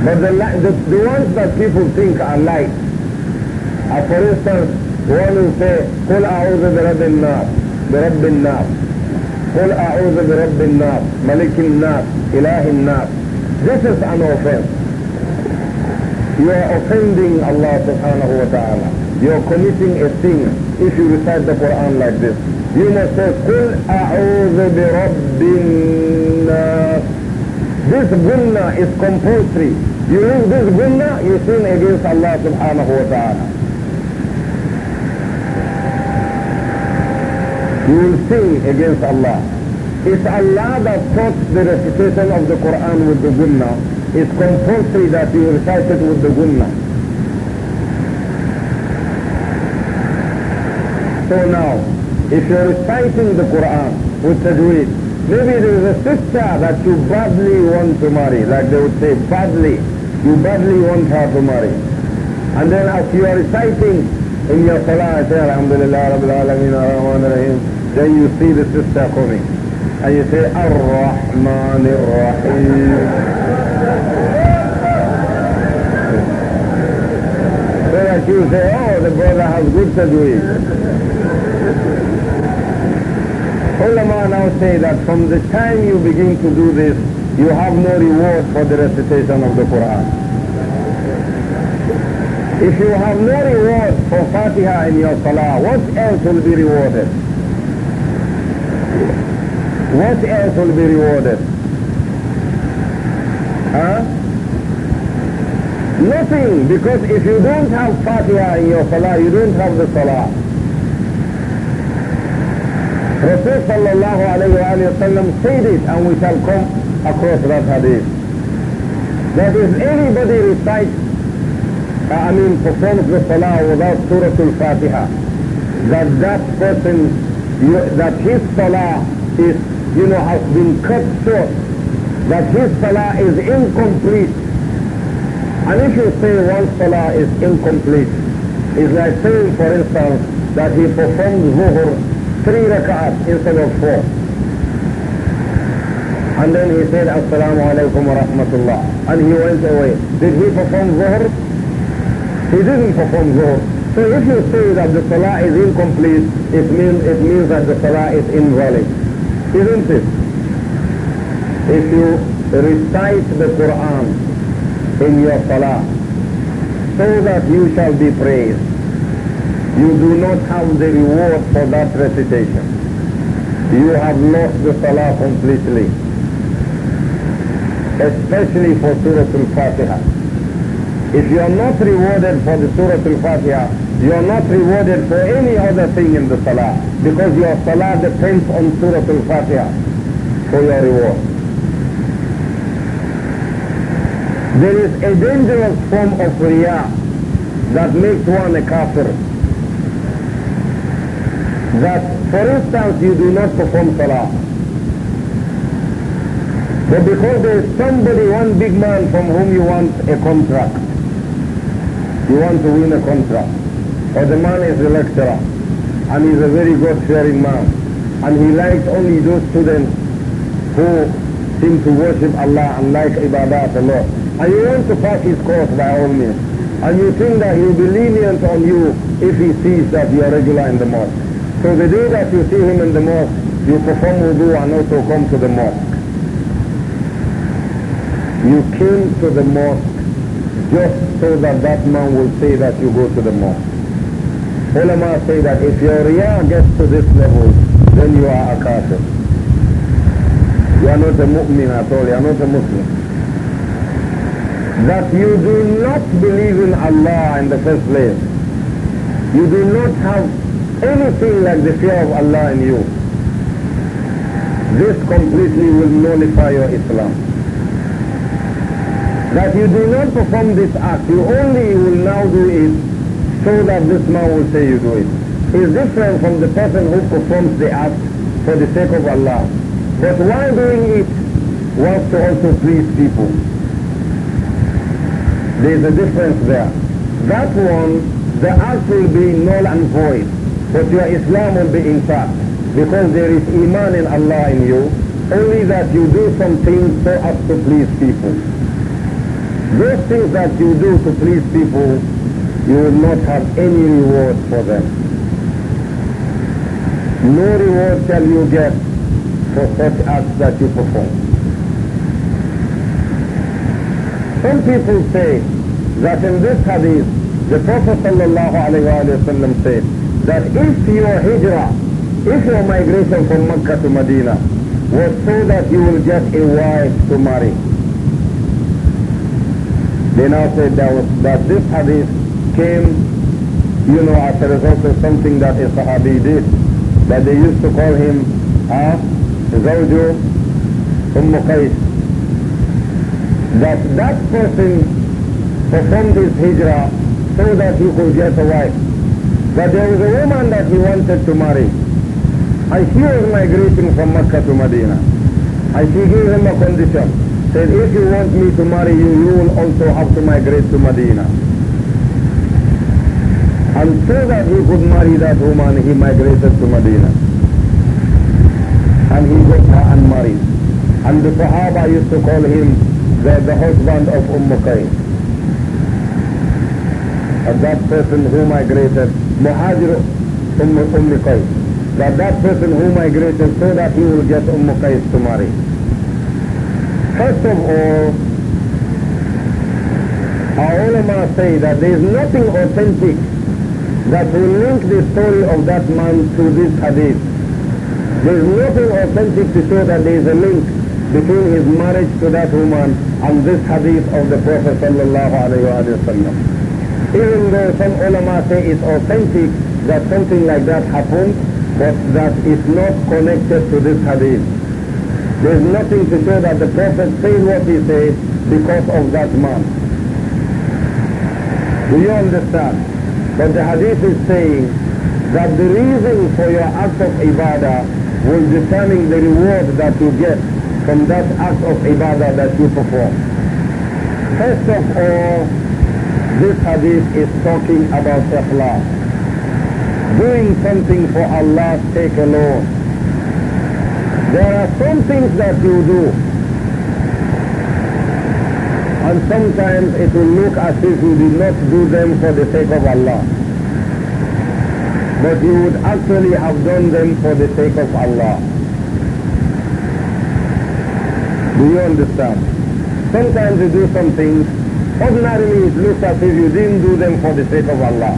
but the, the, the ones that people think are light, are for instance, one who say, قل أعوذ برب الناس, برب الناس, قل أعوذ برب الناس, ملك الناس, إله الناس. This is an offense. You are offending Allah subhanahu wa ta'ala. You are committing a sin if you recite the Quran like this. You must say, قل أعوذ برب الناس. This gunnah is compulsory. You leave this gunna. you sin against Allah subhanahu wa ta'ala. You will sin against Allah. It's Allah that taught the recitation of the Quran with the gunna. It's compulsory that you recite it with the gunna. So now, if you're reciting the Quran with tajweed, maybe there is a sister that you badly want to marry, like they would say, badly. You badly want her to marry. And then as you are reciting in your salah, say Alhamdulillah Rabbil Alameen Ar-Rahman Ar-Rahim, then you see the sister coming. And you say Ar-Rahman Ar-Rahim. Then as you say, oh, the brother has good tajweed. Ulama now say that from the time you begin to do this, you have no reward for the recitation of the Quran. If you have no reward for Fatiha in your Salah, what else will be rewarded? What else will be rewarded? Huh? Nothing, because if you don't have Fatiha in your Salah, you don't have the Salah. Rasul sallallahu alayhi wa sallam said it and we shall come across that hadith. That if anybody recites, uh, I mean performs the salah without Surah Al-Fatiha, that that person, you, that his salah is, you know, has been cut short, that his salah is incomplete. And if you say one salah is incomplete, it's like saying, for instance, that he performs zuhur three rak'ahs instead of four. And then he said, Assalamu alaikum wa rahmatullah. And he went away. Did he perform zuhr? He didn't perform zuhr. So if you say that the salah is incomplete, it means, it means that the salah is invalid. Isn't it? If you recite the Quran in your salah, so that you shall be praised, you do not have the reward for that recitation. You have lost the salah completely especially for Surah Al-Fatiha. If you are not rewarded for the Surah Al-Fatiha, you are not rewarded for any other thing in the Salah, because your Salah depends on Surah Al-Fatiha for your reward. There is a dangerous form of riyah that makes one a kafir. That, for instance, you do not perform Salah. But because there is somebody, one big man from whom you want a contract, you want to win a contract, or the man is a lecturer, and he's a very God-fearing man, and he likes only those students who seem to worship Allah and like ibadat a lot. And you want to pass his course by all means. And you think that he'll be lenient on you if he sees that you are regular in the mosque. So the day that you see him in the mosque, you perform wudu and also come to the mosque return to the mosque just so that that man will say that you go to the mosque. Ulama say that if your riyah gets to this level, then you are a kafir. You are not a mu'min at all, you are not a Muslim. That you do not believe in Allah in the first place. You do not have anything like the fear of Allah in you. This completely will nullify your Islam that you do not perform this act, you only will now do it so that this man will say you do it, is different from the person who performs the act for the sake of Allah. But while doing it, wants to also please people. There's a difference there. That one, the act will be null and void, but your Islam will be intact because there is Iman in Allah in you, only that you do some things so as to please people. Those things that you do to please people, you will not have any reward for them. No reward shall you get for such acts that you perform. Some people say that in this hadith, the Prophet ﷺ said that if your hijrah, if your migration from Mecca to Medina was so that you will get a wife to marry, they now said that, was, that this hadith came, you know, as a result of something that a Sahabi did, that they used to call him a ah, Zawju Umm Qais. That that person performed his hijrah so that he could get a wife. But there was a woman that he wanted to marry. And she was migrating from Mecca to Medina. And she gave him a condition said, if you want me to marry you, you will also have to migrate to Medina. And so that he could marry that woman, he migrated to Medina. And he got her and married. And the Sahaba used to call him the, the husband of Umm Qayn. And that person who migrated, Muhajir Umm, Umm That that person who migrated so that he will get Umm Qays to marry. First of all, our ulama say that there is nothing authentic that will link the story of that man to this hadith. There is nothing authentic to show that there is a link between his marriage to that woman and this hadith of the Prophet sallallahu alaihi wasallam. Even though some ulama say it's authentic that something like that happened, but that is not connected to this hadith. There's nothing to show that the Prophet said what he said because of that man. Do you understand? But the hadith is saying that the reason for your act of ibadah will determine the reward that you get from that act of ibadah that you perform. First of all, this hadith is talking about ikhlas. Doing something for Allah's sake alone there are some things that you do, and sometimes it will look as if you did not do them for the sake of Allah. But you would actually have done them for the sake of Allah. Do you understand? Sometimes you do some things, ordinarily it looks as if you didn't do them for the sake of Allah.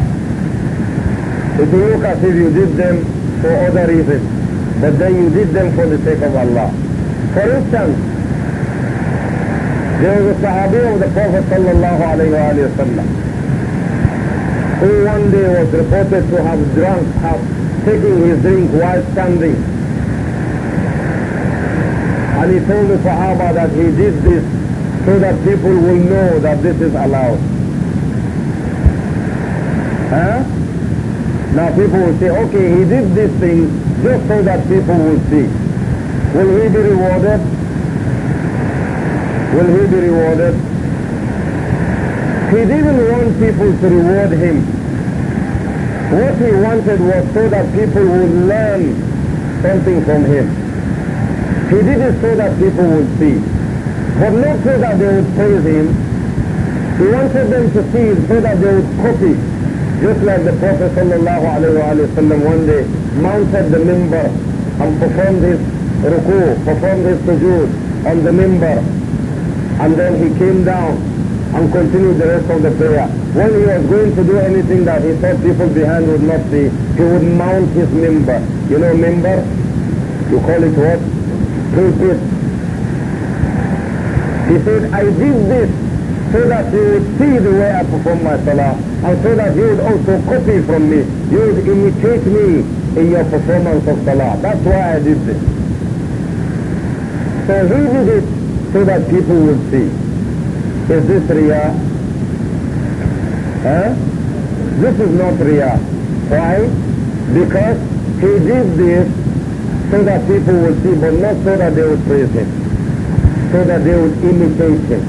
It will look as if you did them for other reasons but then you did them for the sake of Allah. For instance, there was a Sahabi of the Prophet sallallahu alayhi wa who one day was reported to have drunk, have taken his drink while standing. And he told the Sahaba that he did this so that people will know that this is allowed. Huh? Now people will say, okay, he did these things just so that people will see. Will he be rewarded? Will he be rewarded? He didn't want people to reward him. What he wanted was so that people would learn something from him. He did it so that people would see. But not so that they would praise him. He wanted them to see so that they would copy. Just like the Prophet ﷺ one day mounted the member and performed his ruku, performed his sujood on the member. And then he came down and continued the rest of the prayer. When he was going to do anything that he thought people behind would not see, he would mount his member. You know member? You call it what? Pulpit. He said, I did this so that you would see the way I perform my salah and so that you would also copy from me. You would imitate me in your performance of salah. That's why I did this. So he did it so that people would see. Is this Riyah? Huh? This is not Riyah. Why? Because he did this so that people would see, but not so that they would praise him. So that they would imitate him.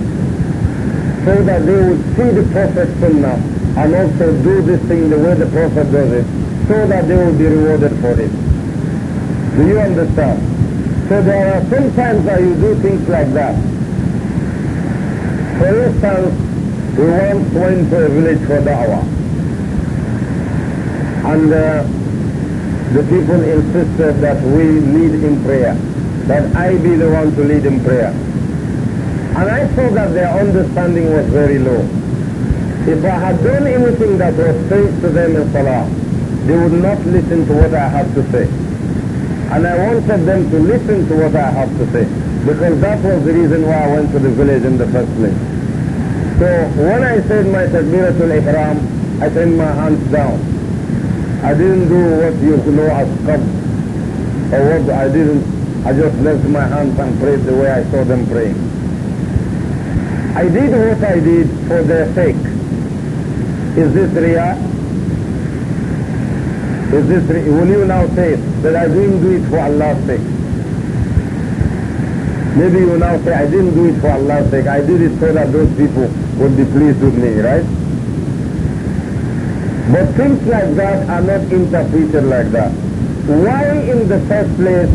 So that they would see the Prophet Sunnah and also do this thing the way the Prophet does it so that they will be rewarded for it. Do you understand? So there are sometimes that you do things like that. For instance, we once went to a village for da'wah. And uh, the people insisted that we lead in prayer, that I be the one to lead in prayer. And I saw that their understanding was very low. If I had done anything that was strange to them in Salah, they would not listen to what I have to say. And I wanted them to listen to what I have to say because that was the reason why I went to the village in the first place. So when I said my Takbiratul Ihram, I turned my hands down. I didn't do what you know as qad, or what I didn't, I just left my hands and prayed the way I saw them praying. I did what I did for their sake. Is this riyah? Is this, will you now say that I didn't do it for Allah's sake? Maybe you now say, I didn't do it for Allah's sake. I did it so that those people would be pleased with me, right? But things like that are not interpreted like that. Why in the first place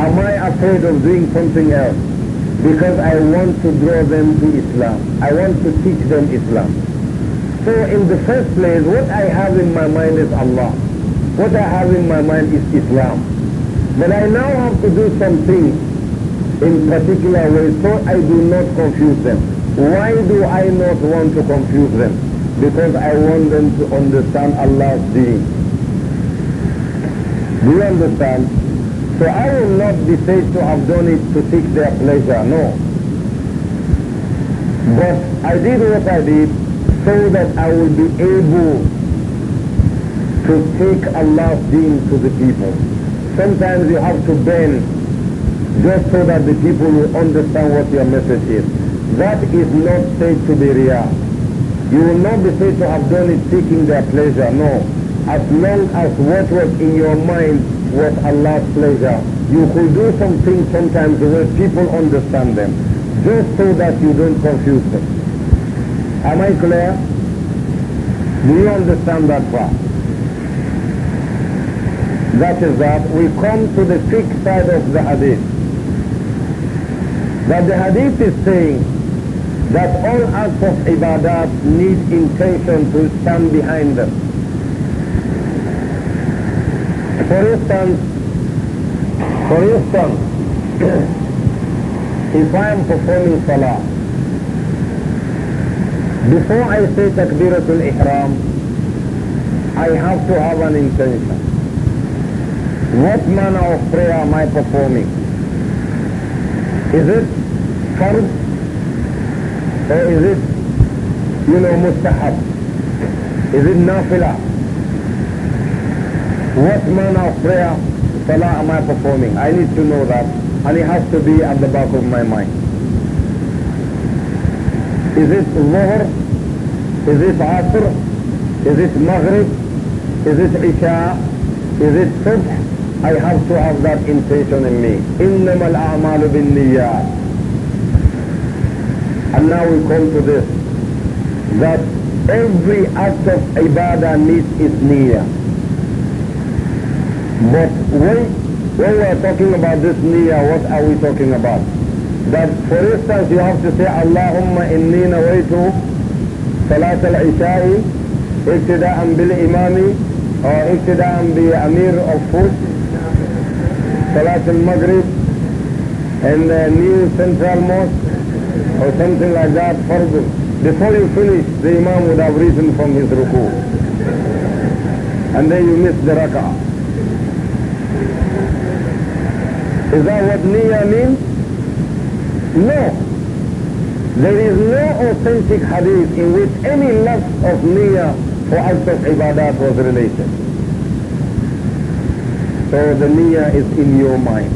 am I afraid of doing something else? Because I want to draw them to Islam. I want to teach them Islam. So in the first place, what I have in my mind is Allah. What I have in my mind is Islam. But I now have to do something in particular way so I do not confuse them. Why do I not want to confuse them? Because I want them to understand Allah's deen. Do you understand? So I will not be said to have done it to seek their pleasure, no. But I did what I did so that I will be able to take Allah's deen to the people. Sometimes you have to bend just so that the people will understand what your message is. That is not said to be real. You will not be said to have done it seeking their pleasure, no. As long as what was in your mind was Allah's pleasure, you could do something sometimes where people understand them, just so that you don't confuse them. Am I clear? Do you understand that part? That is that we come to the fiqh side of the hadith. That the hadith is saying that all acts of ibadat need intention to stand behind them. For instance, for instance, if I am performing salah, before I say takbiratul ihram, I have to have an intention. What manner of prayer am I performing? Is it fard or is it, you know, mustahab? Is it nafila? What manner of prayer, salah am I performing? I need to know that and it has to be at the back of my mind. Is it Zuhr? Is it Asr? Is it Maghrib? Is it Isha? Is it Subh? I have to have that intention in me. إِنَّمَا الْأَعْمَالُ بِالنِّيَّاتِ And now we come to this, that every act of ibadah needs its niyyah. But when, when we are talking about this niyyah, what are we talking about? That for instance you have to say, Allahumma inni nawaitu صلاة العشاء ابتداء بالإمام أو ابتداء بأمير الفوج Salat al-Maghrib and the new central mosque or something like that, fardu. Before you finish, the Imam would have risen from his ruku. And then you miss the rak'ah. Is that what niya means? No. There is no authentic hadith in which any love of niya for acts of ibadat was related. So the niyyah is in your mind.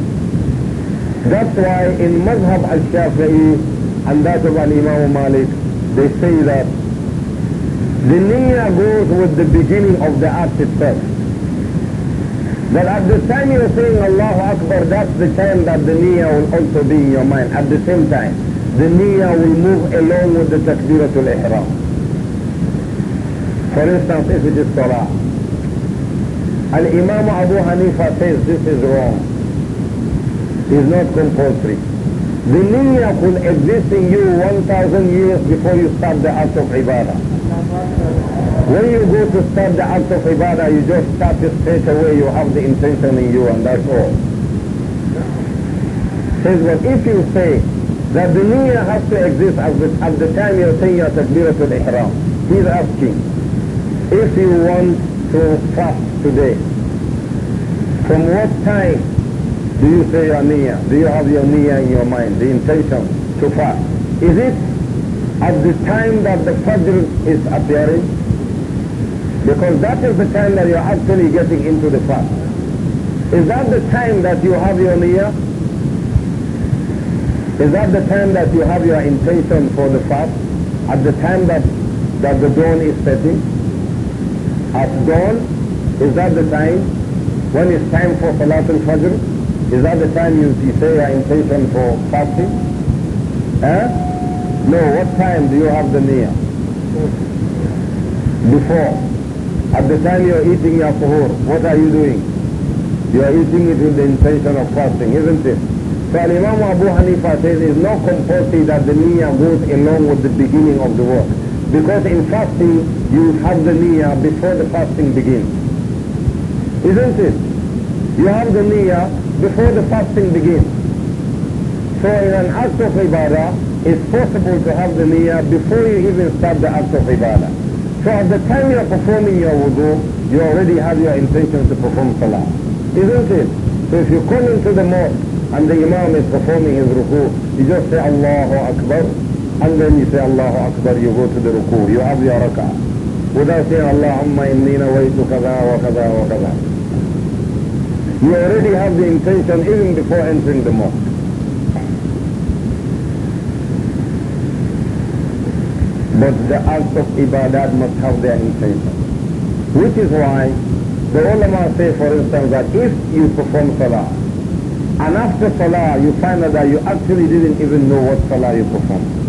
That's why in Mazhab al-Shafi'i and that of al-Imam Malik, they say that the niyyah goes with the beginning of the act itself. But at the time you're saying Allahu Akbar, that's the time that the niyyah will also be in your mind. At the same time, the niyyah will move along with the takbiratul ihram. For instance, if it is salah, and Imam Abu Hanifa says this is wrong. It's not compulsory. The niyyah could exist in you 1,000 years before you start the act of ibadah. When you go to start the act of ibadah, you just start it straight away. You have the intention in you and that's all. Says, but if you say that the niyyah has to exist at the, at the time you're saying your takbiratul ihram, he's asking, if you want to fast today? From what time do you say your niya? Do you have your niya in your mind, the intention to fast? Is it at the time that the fajr is appearing? Because that is the time that you're actually getting into the fast. Is that the time that you have your niya? Is that the time that you have your intention for the fast? At the time that, that the dawn is setting? At dawn, is that the time when it's time for Salat al-Fajr? Is that the time you, say say your intention for fasting? Huh? No, what time do you have the niyyah? Before. At the time you're eating your food, what are you doing? You are eating it with the intention of fasting, isn't it? So Imam Abu Hanifa says it's not compulsory that the niyyah goes along with the beginning of the work. Because in fasting, you have the niyyah before the fasting begins. Isn't it? You have the niyyah before the fasting begins. So in an act of ibadah, it's possible to have the niyyah before you even start the act of ibadah. So at the time you are performing your wudu, you already have your intention to perform salah. Isn't it? So if you come into the mosque and the imam is performing his ruku, you just say Allahu Akbar, and then you say Allahu Akbar, you go to the ruku, you have your rak'ah without saying, Allahumma inni nawaitu kaza wa kaza wa kaza. You already have the intention even before entering the mosque. But the acts of ibadat must have their intention. Which is why the ulama say, for instance, that if you perform salah, and after salah you find out that you actually didn't even know what salah you performed.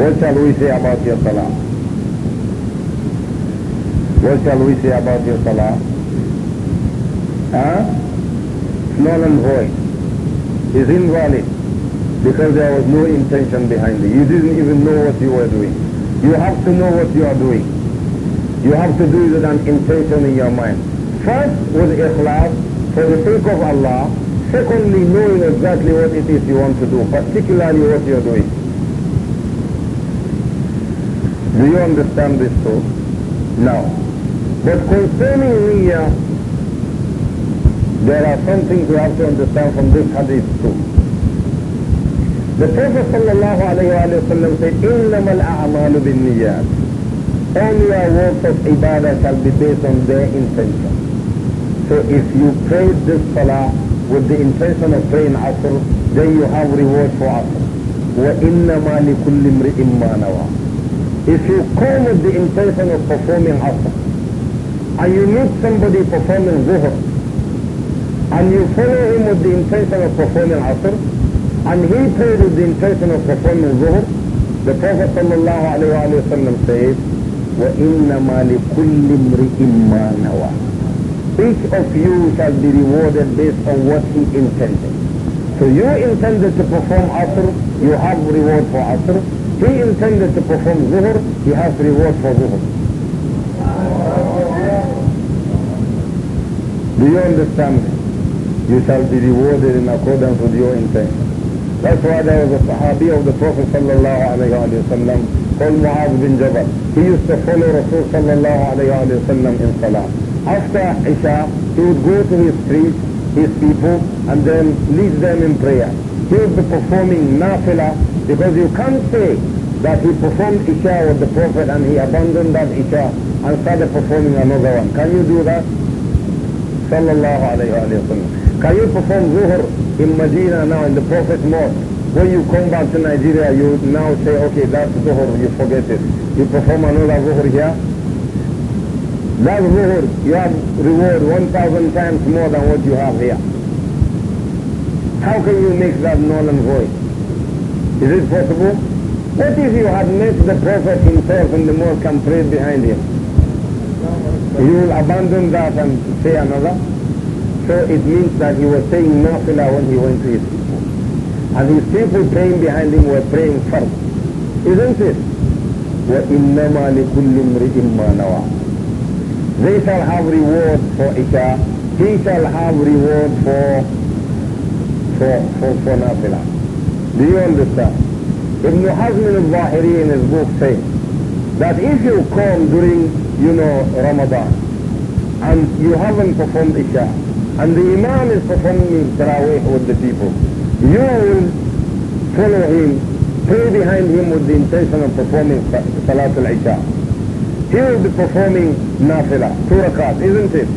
What shall we say about your salah? What shall we say about your salah? Huh? Small and void. Is invalid because there was no intention behind it. You didn't even know what you were doing. You have to know what you are doing. You have to do it with an intention in your mind. First, with ikhlas, for the sake of Allah. Secondly, knowing exactly what it is you want to do, particularly what you're doing. Do you understand this talk? No. But concerning niyyah, uh, there are some things we have to understand from this hadith too. The Prophet ﷺ said, إِنَّمَا الْأَعْمَالُ بِالنِّيَّاتِ All your works of ibadah shall be based on their intention. So if you pray this salah with the intention of praying asr, then you have reward for asr. وَإِنَّمَا لِكُلِّ امْرِئٍ مَّا نَوَى if you come with the intention of performing Asr, and you meet somebody performing Zuhr, and you follow him with the intention of performing Asr, and he prayed with the intention of performing Zuhr, the Prophet ﷺ says, وَإِنَّمَا لِكُلِّ امْرِئٍ مَا نَوَى Each of you shall be rewarded based on what he intended. So you intended to perform Asr, you have reward for Asr, he intended to perform zuhur, he has reward for zuhur. Do you understand? You shall be rewarded in accordance with your intention. That's why there was a Sahabi of the Prophet sallallahu alayhi wa sallam called Mu'adh bin Jabal. He used to follow Rasul sallallahu alayhi wa sallam in salah. After Isha, he would go to his street, his people, and then lead them in prayer. He would be performing nafilah because you can't say that he performed Isha with the Prophet and he abandoned that Isha and started performing another one. Can you do that? Sallallahu alayhi wa sallam. Can you perform Zuhr in Medina now in the Prophet's mosque? When you come back to Nigeria, you now say, okay, that's Zuhr, you forget it. You perform another Zuhr here. That Zuhr, you have reward 1,000 times more than what you have here. How can you make that null and void? Is it possible? What if you had met the Prophet himself and the more complete behind him? You will abandon that and say another? So it means that he was saying nafila when he went to his people. And his people praying behind him were praying first. Isn't it? وَإِنَّمَا لِكُلِّ امْرِئٍ مَا نَوَى They shall have reward for Isha. Uh, he shall have reward for, for, for, for do you understand? Ibn Hazm al-Zahiri in his book says that if you come during, you know, Ramadan and you haven't performed Isha and the Imam is performing Taraweeh with the people, you will follow him, pray behind him with the intention of performing Salatul Isha. He will be performing Nafila, Turaqat, isn't it?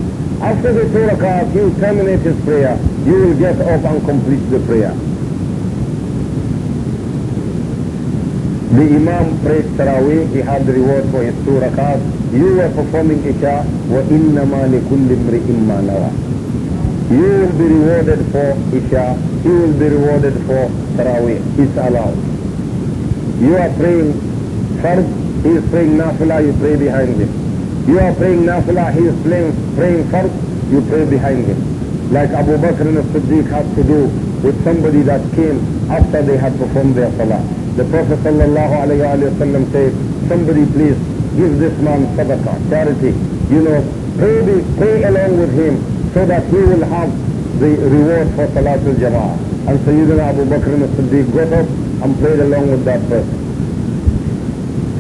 After the Turaqat, he will terminate his prayer. You will get up and complete the prayer. The Imam prayed Taraweeh, he had the reward for his two rakat. You were performing Isha, وَإِنَّمَا لِكُلِّ امْرِئٍ مَّا نَوَى You will be rewarded for Isha, you will be rewarded for Taraweeh. It's allowed. You are praying Fard, he is praying Nafila, you pray behind him. You are praying Nafila, he is praying, praying Fard, you pray behind him. Like Abu Bakr and Siddiq had to do with somebody that came after they had performed their Salah. The Prophet ﷺ says, somebody please give this man sadaqah, charity. You know, pray, the, pray along with him so that he will have the reward for Salatul Jama'ah. And Sayyidina Abu Bakr as-Siddiq got up and prayed along with that person.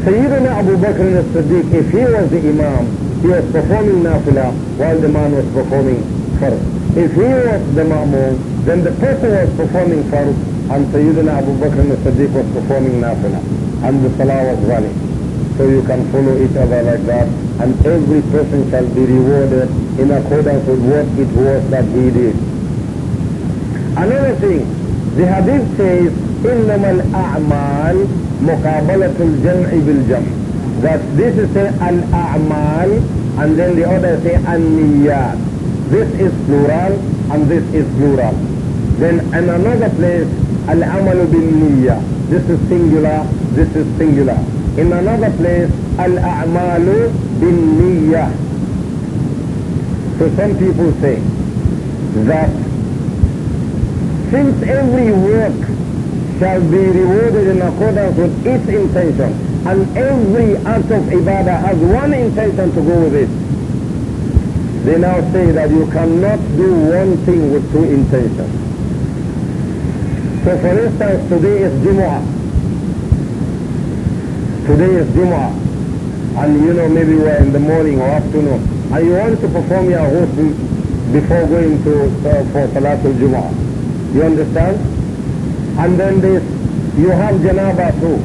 Sayyidina Abu Bakr as-Siddiq, if he was the Imam, he was performing nafilah while the man was performing farz. If he was the ma'mum, then the person was performing farz and Sayyidina Abu Bakr and the Siddiq was performing nafila. And the salah was running. So you can follow each other like that. And every person shall be rewarded in accordance with what it was that he did. Another thing, the hadith says, إِنَّمَا الْأَعْمَالِ مُقَابَلَةُ الْجَمْعِ بِالْجَمْعِ That this is say al-a'mal and then the other say al-niyat. This is plural and this is plural. Then in another place العمل بالنية. This is singular, this is singular. In another place, الاعمال بالنية. So some people say that since every work shall be rewarded in accordance with its intention, and every act of ibadah has one intention to go with it, they now say that you cannot do one thing with two intentions. So for instance, today is Jumu'ah. Today is Jumu'ah. And you know, maybe we're in the morning or afternoon. And you want to perform your ghusl before going to uh, for Salatul Jumu'ah. You understand? And then this, you have Janaba too.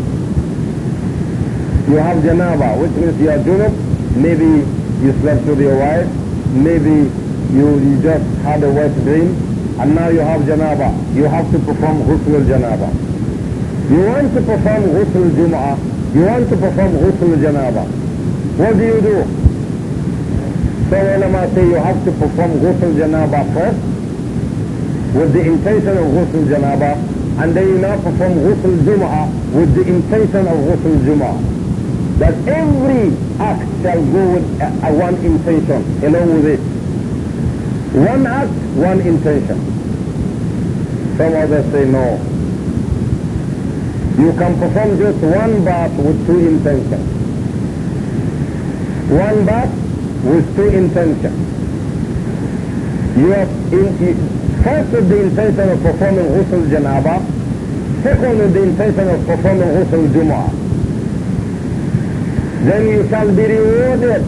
You have Janaba, which means you are Junub. Maybe you slept with your wife. Maybe you, you just had a wet dream. And now you have Janaba you have to perform ghusl janaba. You want to perform ghusl jum'ah, you want to perform ghusl janaba. What do you do? So ulama say you have to perform ghusl janaba first with the intention of ghusl janaba and then you now perform ghusl jum'ah with the intention of ghusl jum'ah that every act shall go with a one intention along with it. One act, one intention of that say no. You can perform just one bath with two intentions. One bath with two intentions. You have in, first with the intention of performing ghusl janaba, second with the intention of performing ghusl Juma. Then you shall be rewarded.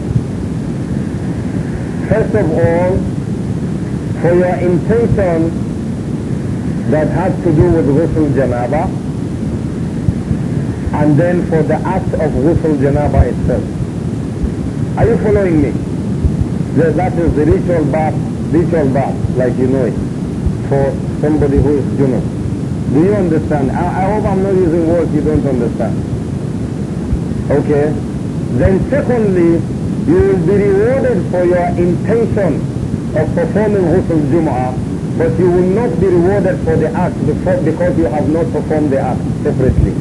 First of all, for your intention that had to do with ghusl janaba and then for the act of ghusl janaba itself. Are you following me? that is the ritual bath, ritual bath, like you know it, for somebody who is junub. Do you understand? I, I hope I'm not using words you don't understand. Okay? Then secondly, you will be rewarded for your intention of performing ghusl jum'ah but you will not be rewarded for the act before, because you have not performed the act separately.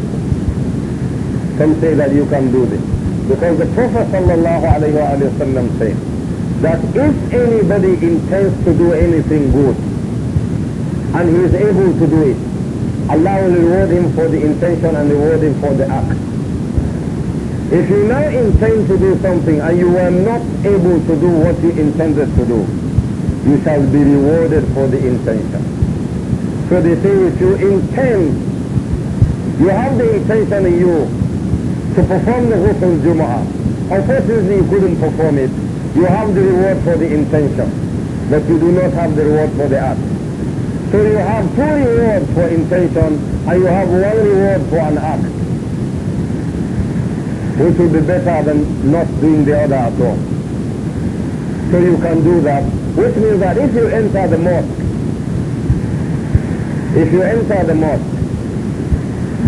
Some say that you can do this. Because the Prophet ﷺ said that if anybody intends to do anything good and he is able to do it, Allah will reward him for the intention and reward him for the act. If you now intend to do something and you were not able to do what you intended to do, you shall be rewarded for the intention. So they say if you intend, you have the intention in you to perform the ghusl Jumu'ah. Unfortunately you couldn't perform it. You have the reward for the intention, but you do not have the reward for the act. So you have two rewards for intention and you have one reward for an act. Which will be better than not doing the other at all. So you can do that which means that if you enter the mosque, if you enter the mosque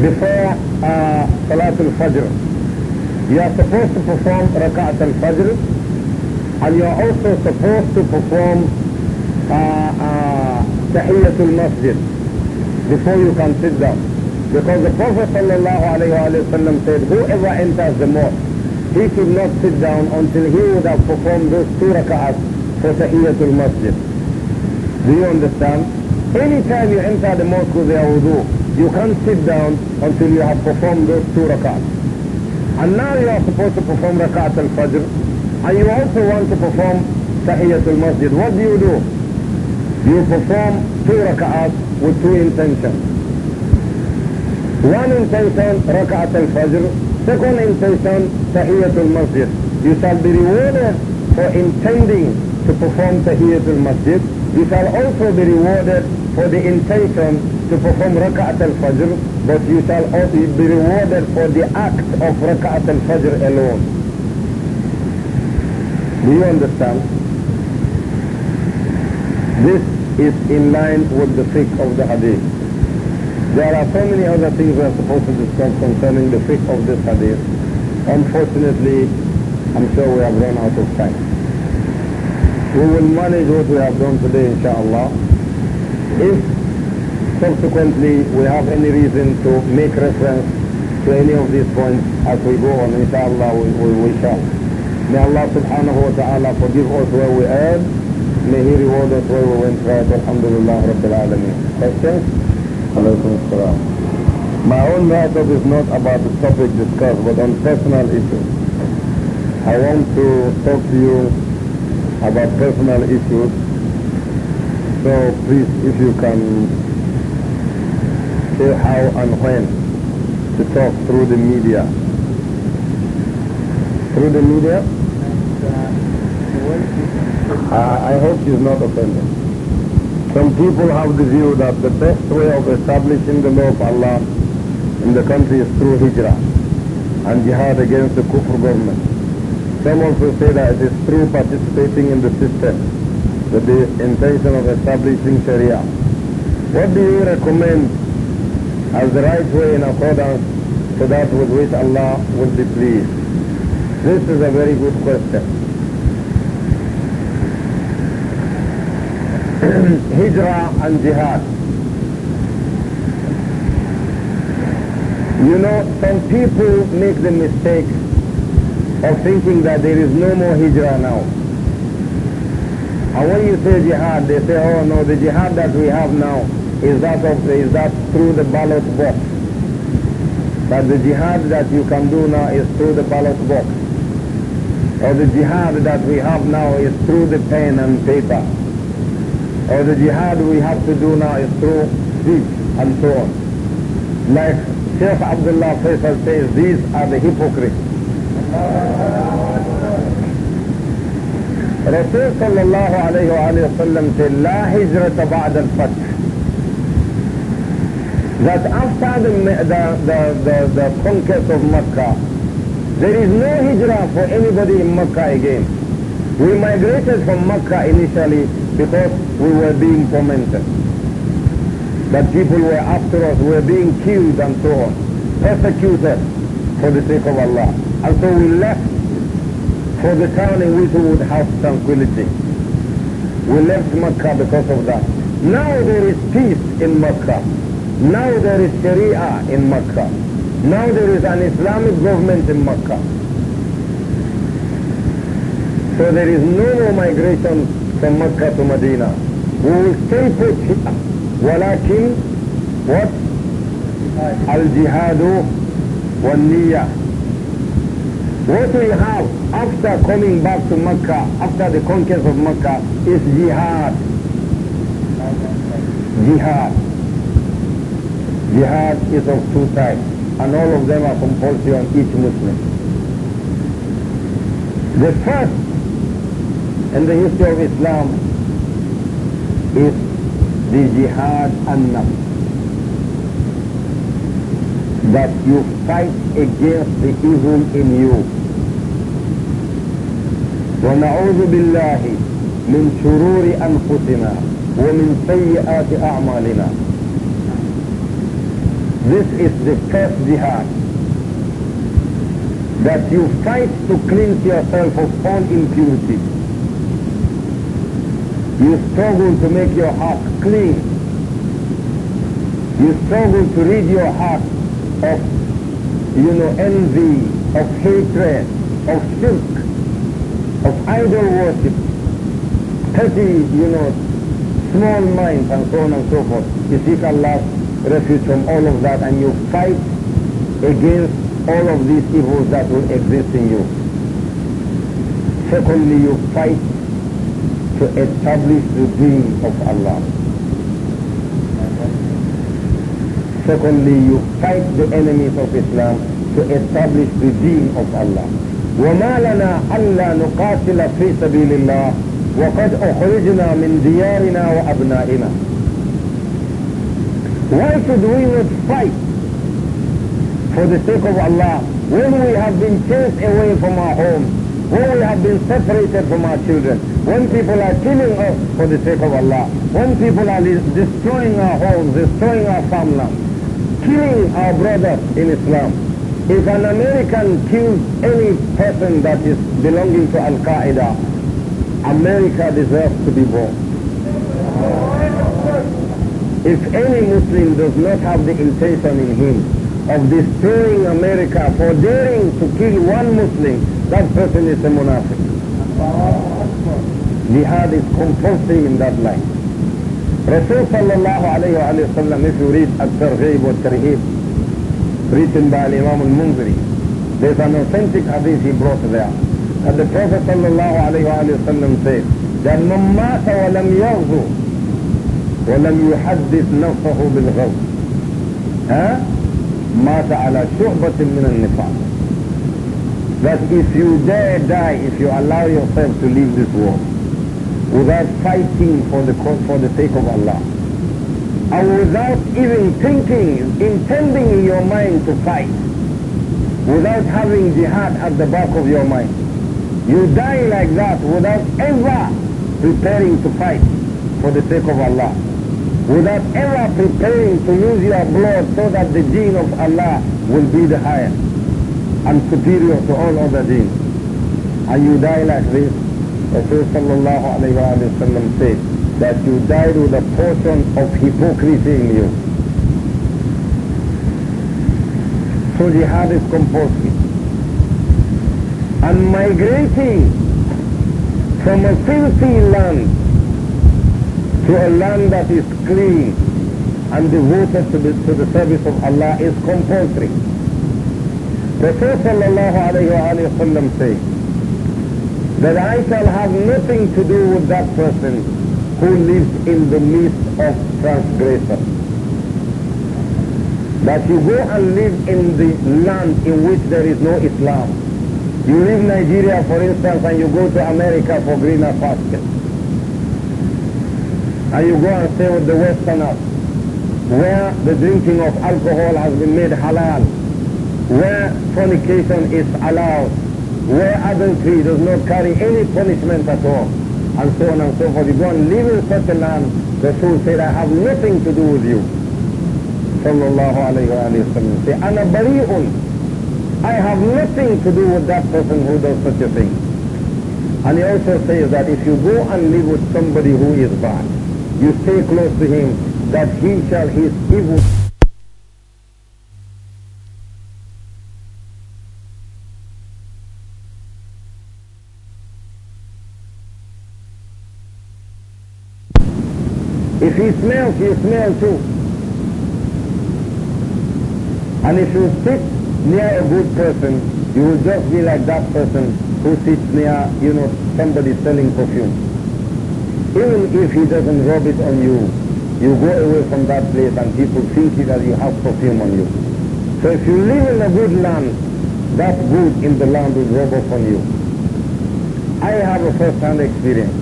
before uh, Salat al-Fajr, you are supposed to perform Rakat al-Fajr and you are also supposed to perform uh, uh, Masjid before you can sit down. Because the Prophet ﷺ said, whoever enters the mosque, he should not sit down until he would have performed those two Rakats." for Tahiyyatul Masjid. Do you understand? Anytime you enter the mosque with your wudu, you can't sit down until you have performed those two rakats. And now you are supposed to perform rakat al-fajr, and you also want to perform al Masjid. What do you do? You perform two rakats with two intentions. One intention, rakat al-fajr. Second intention, al Masjid. You shall be rewarded for intending to perform al Masjid, you shall also be rewarded for the intention to perform Raka'at al-Fajr, but you shall also be rewarded for the act of Raka'at al-Fajr alone. Do you understand? This is in line with the fiqh of the hadith. There are so many other things we are supposed to discuss concerning the fiqh of this hadith. Unfortunately, I'm sure we have run out of time we will manage what we have done today, inshallah. If subsequently we have any reason to make reference to any of these points as we go on, inshallah, we, we, we shall. May Allah subhanahu wa ta'ala forgive us where we erred. May He reward us where we went right. Alhamdulillah Rabbil Alameen. Questions? Alaykum salam. My own matter is not about the topic discussed, but on personal issues. I want to talk to you about personal issues. So please, if you can say how and when to talk through the media. Through the media? I hope he's not offended. Some people have the view that the best way of establishing the law of Allah in the country is through hijrah and jihad against the kufr government. Some also say that it is through participating in the system with the intention of establishing Sharia. What do you recommend as the right way in accordance to that with which Allah would be pleased? This is a very good question. Hijrah and Jihad. You know, some people make the mistake of thinking that there is no more hijrah now. And when you say jihad, they say, oh no, the jihad that we have now is that, of is that through the ballot box. But the jihad that you can do now is through the ballot box. Or the jihad that we have now is through the pen and paper. Or the jihad we have to do now is through speech and so on. Like Sheikh Abdullah Faisal says, these are the hypocrites. رسول صلى الله عليه وآله وسلم said لا هجرة بعد الفتح that after the, the, the, the, the conquest of Mecca there is no hijrah for anybody in Mecca again we migrated from Mecca initially because we were being tormented that people were after us, were being killed and so on, persecuted for the sake of Allah. And so we left for the town in which we would have tranquility. We left Mecca because of that. Now there is peace in Mecca. Now there is Sharia in Mecca. Now there is an Islamic government in Mecca. So there is no more migration from Mecca to Medina. We will stay put here. ولكن what? Al-jihadu والنية what we have after coming back to Mecca, after the conquest of Mecca, is jihad. Jihad. Jihad is of two types, and all of them are compulsory on each Muslim. The first in the history of Islam is the jihad an-nafs. you fight against the evil in you. ونعوذ بالله من شرور أنفسنا ومن سيئات أعمالنا. This is the first jihad. That you fight to cleanse yourself of all impurity. You struggle to make your heart clean. You struggle to rid your heart of you know, envy, of hatred, of shirk, of idol worship, petty, you know, small minds and so on and so forth. You seek Allah's refuge from all of that and you fight against all of these evils that will exist in you. Secondly, you fight to establish the deen of Allah. Secondly, you fight the enemies of Islam to establish the deen of Allah. وما لنا ألا نقاتل في سبيل الله وقد أخرجنا من ديارنا وأبنائنا. Why should we not fight for the sake of Allah when we have been chased away from our home, when we have been separated from our children, when people are killing us for the sake of Allah, when people are destroying our homes, destroying our farmland? kill our brother in Islam. If an American kills any person that is belonging to Al-Qaeda, America deserves to be born. If any Muslim does not have the intention in him of destroying America for daring to kill one Muslim, that person is a monarch. Jihad is compulsory in that life. رسول صلى الله عليه وآله وسلم مش يريد الترغيب والترهيب written by Imam al-Munziri there's an authentic hadith he brought there and the Prophet صلى الله عليه وآله وسلم said that من مات ولم يغزو ولم يحدث نفسه بالغزو ها مات على شعبة من النفاق that if you dare die if you allow yourself to leave this world without fighting for the, for the sake of Allah. And without even thinking, intending in your mind to fight, without having jihad at the back of your mind. You die like that without ever preparing to fight for the sake of Allah. Without ever preparing to use your blood so that the deen of Allah will be the higher and superior to all other deens. And you die like this Rasul sallallahu alayhi wa sallam said that you died with a portion of hypocrisy in you. So jihad is compulsory. And migrating from a filthy land to a land that is clean and devoted to the, to the service of Allah is compulsory. Rasul sallallahu alayhi wa sallam said, that I shall have nothing to do with that person who lives in the midst of transgressors. That you go and live in the land in which there is no Islam. You leave Nigeria, for instance, and you go to America for greener pastures. And you go and stay with the Westerners, where the drinking of alcohol has been made halal, where fornication is allowed, where adultery does not carry any punishment at all, and so on and so forth. You go and live in such a land, fool said, I have nothing to do with you. Sallallahu alayhi wa sallam. Say, Ana bari'un. I have nothing to do with that person who does such a thing. And he also says that if you go and live with somebody who is bad, you stay close to him, that he shall, his evil... And if you sit near a good person, you will just be like that person who sits near, you know, somebody selling perfume. Even if he doesn't rub it on you, you go away from that place and people think that you have perfume on you. So if you live in a good land, that good in the land will rub off on you. I have a first-hand experience.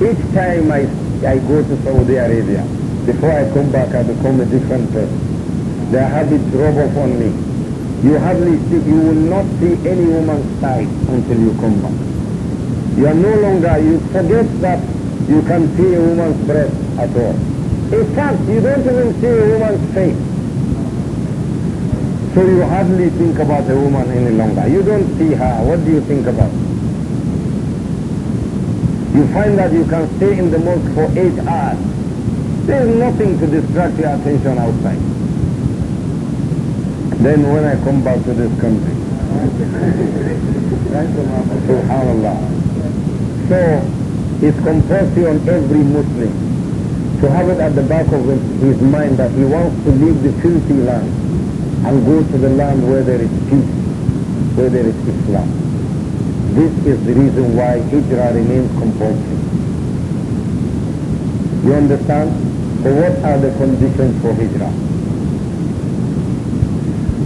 Each time I, I go to Saudi Arabia, before I come back, I become a different person. Their habits rub off on me. You hardly see, you will not see any woman's side until you come back. You are no longer, you forget that you can see a woman's breast at all. In fact, you don't even see a woman's face. So you hardly think about a woman any longer. You don't see her. What do you think about? You find that you can stay in the mosque for eight hours there is nothing to distract your attention outside. Then when I come back to this country, subhanAllah. So it's compulsory on every Muslim to have it at the back of his mind that he wants to leave the filthy land and go to the land where there is peace, where there is Islam. This is the reason why Hijrah remains compulsory. You understand? So what are the conditions for hijrah?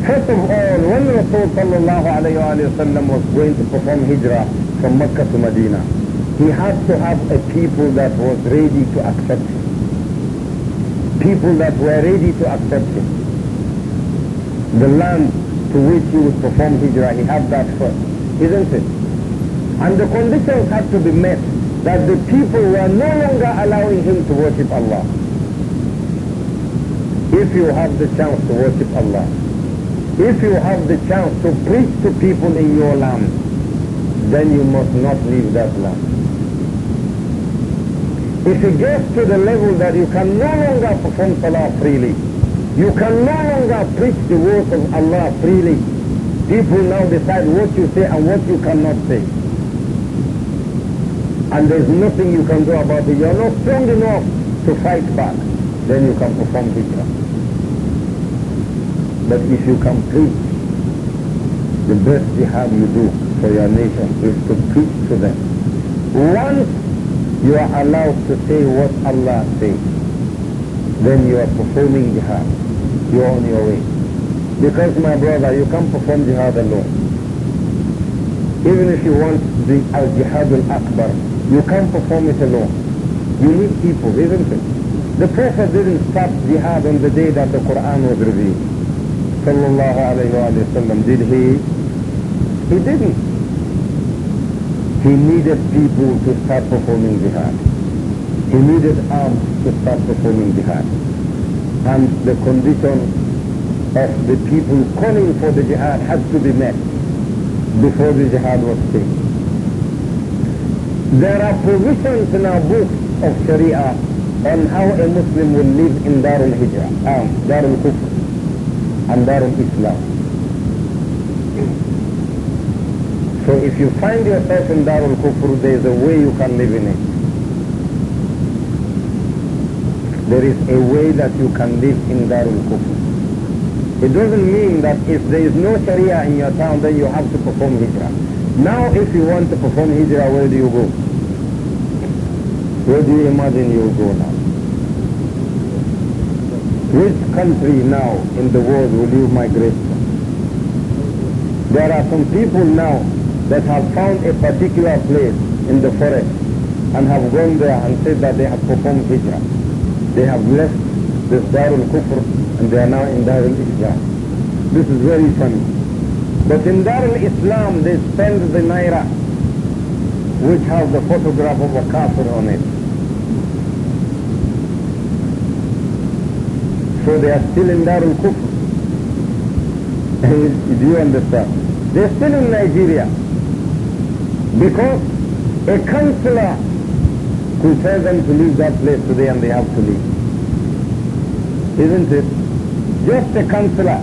First of all, when Rasul sallallahu was going to perform hijrah from Mecca to Medina, he had to have a people that was ready to accept him. People that were ready to accept him. The land to which he would perform hijrah, he had that first, isn't it? And the conditions had to be met that the people were no longer allowing him to worship Allah if you have the chance to worship Allah, if you have the chance to preach to people in your land, then you must not leave that land. If it gets to the level that you can no longer perform Salah freely, you can no longer preach the words of Allah freely, people now decide what you say and what you cannot say. And there's nothing you can do about it. You're not strong enough to fight back. Then you can perform hijrah. But if you complete, the best jihad you do for your nation is to preach to them. Once you are allowed to say what Allah says, then you are performing jihad. You are on your way. Because my brother, you can't perform jihad alone. Even if you want the al-jihad al-akbar, you can't perform it alone. You need people, isn't it? The Prophet didn't start jihad on the day that the Quran was revealed sallallahu alayhi wa did he? He didn't. He needed people to start performing jihad. He needed arms to start performing jihad. And the condition of the people calling for the jihad had to be met before the jihad was taken. There are provisions in our book of Sharia on how a Muslim will live in Darul Hijrah, um, Darul Kufr. And Darul islam So if you find yourself in Darul Kufr, there is a way you can live in it. There is a way that you can live in Darul Kufr. It doesn't mean that if there is no Sharia in your town, then you have to perform Hijrah. Now if you want to perform Hijrah, where do you go? Where do you imagine you go now? Which country now in the world will you migrate from? There are some people now that have found a particular place in the forest and have gone there and said that they have performed hijrah. They have left this Darul Kufr and they are now in Darul Islam. This is very funny. But in Darul Islam they spend the naira which has the photograph of a kafir on it. So they are still in Darul Kufr. Do you understand? They are still in Nigeria. Because a counselor who tells them to leave that place today and they have to leave. Isn't it? Just a counselor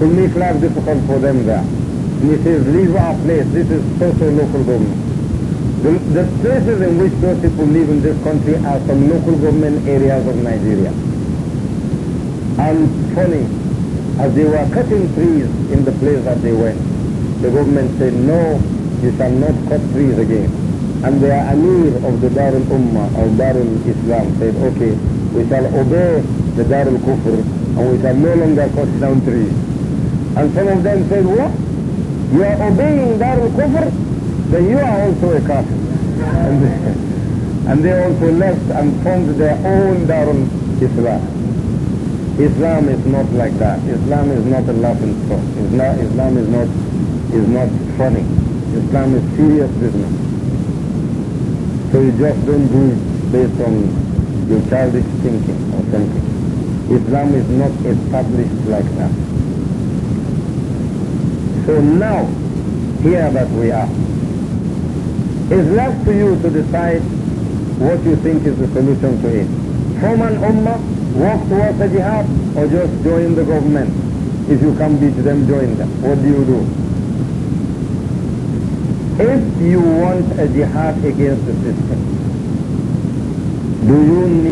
could make life difficult for them there. And he says, leave our place. This is so-so local government. The, the places in which those people live in this country are some local government areas of Nigeria. And funny, as they were cutting trees in the place that they went. The government said, no, you shall not cut trees again. And the Amir of the Darul Ummah or Darul Islam said, okay, we shall obey the Darul Kufr and we shall no longer cut down trees. And some of them said, what? You are obeying Darul Kufr? Then you are also a kafir. And, and they also left and formed their own Darul Islam. Islam is not like that. Islam is not a laughing stock. Islam, Islam is not is not funny. Islam is serious business. So you just don't do it based on your childish thinking or something. Islam is not established like that. So now, here that we are, it's left to you to decide what you think is the solution to it. From an ummah walk towards the jihad or just join the government? If you come beat them, join them. What do you do? If you want a jihad against the system, do you need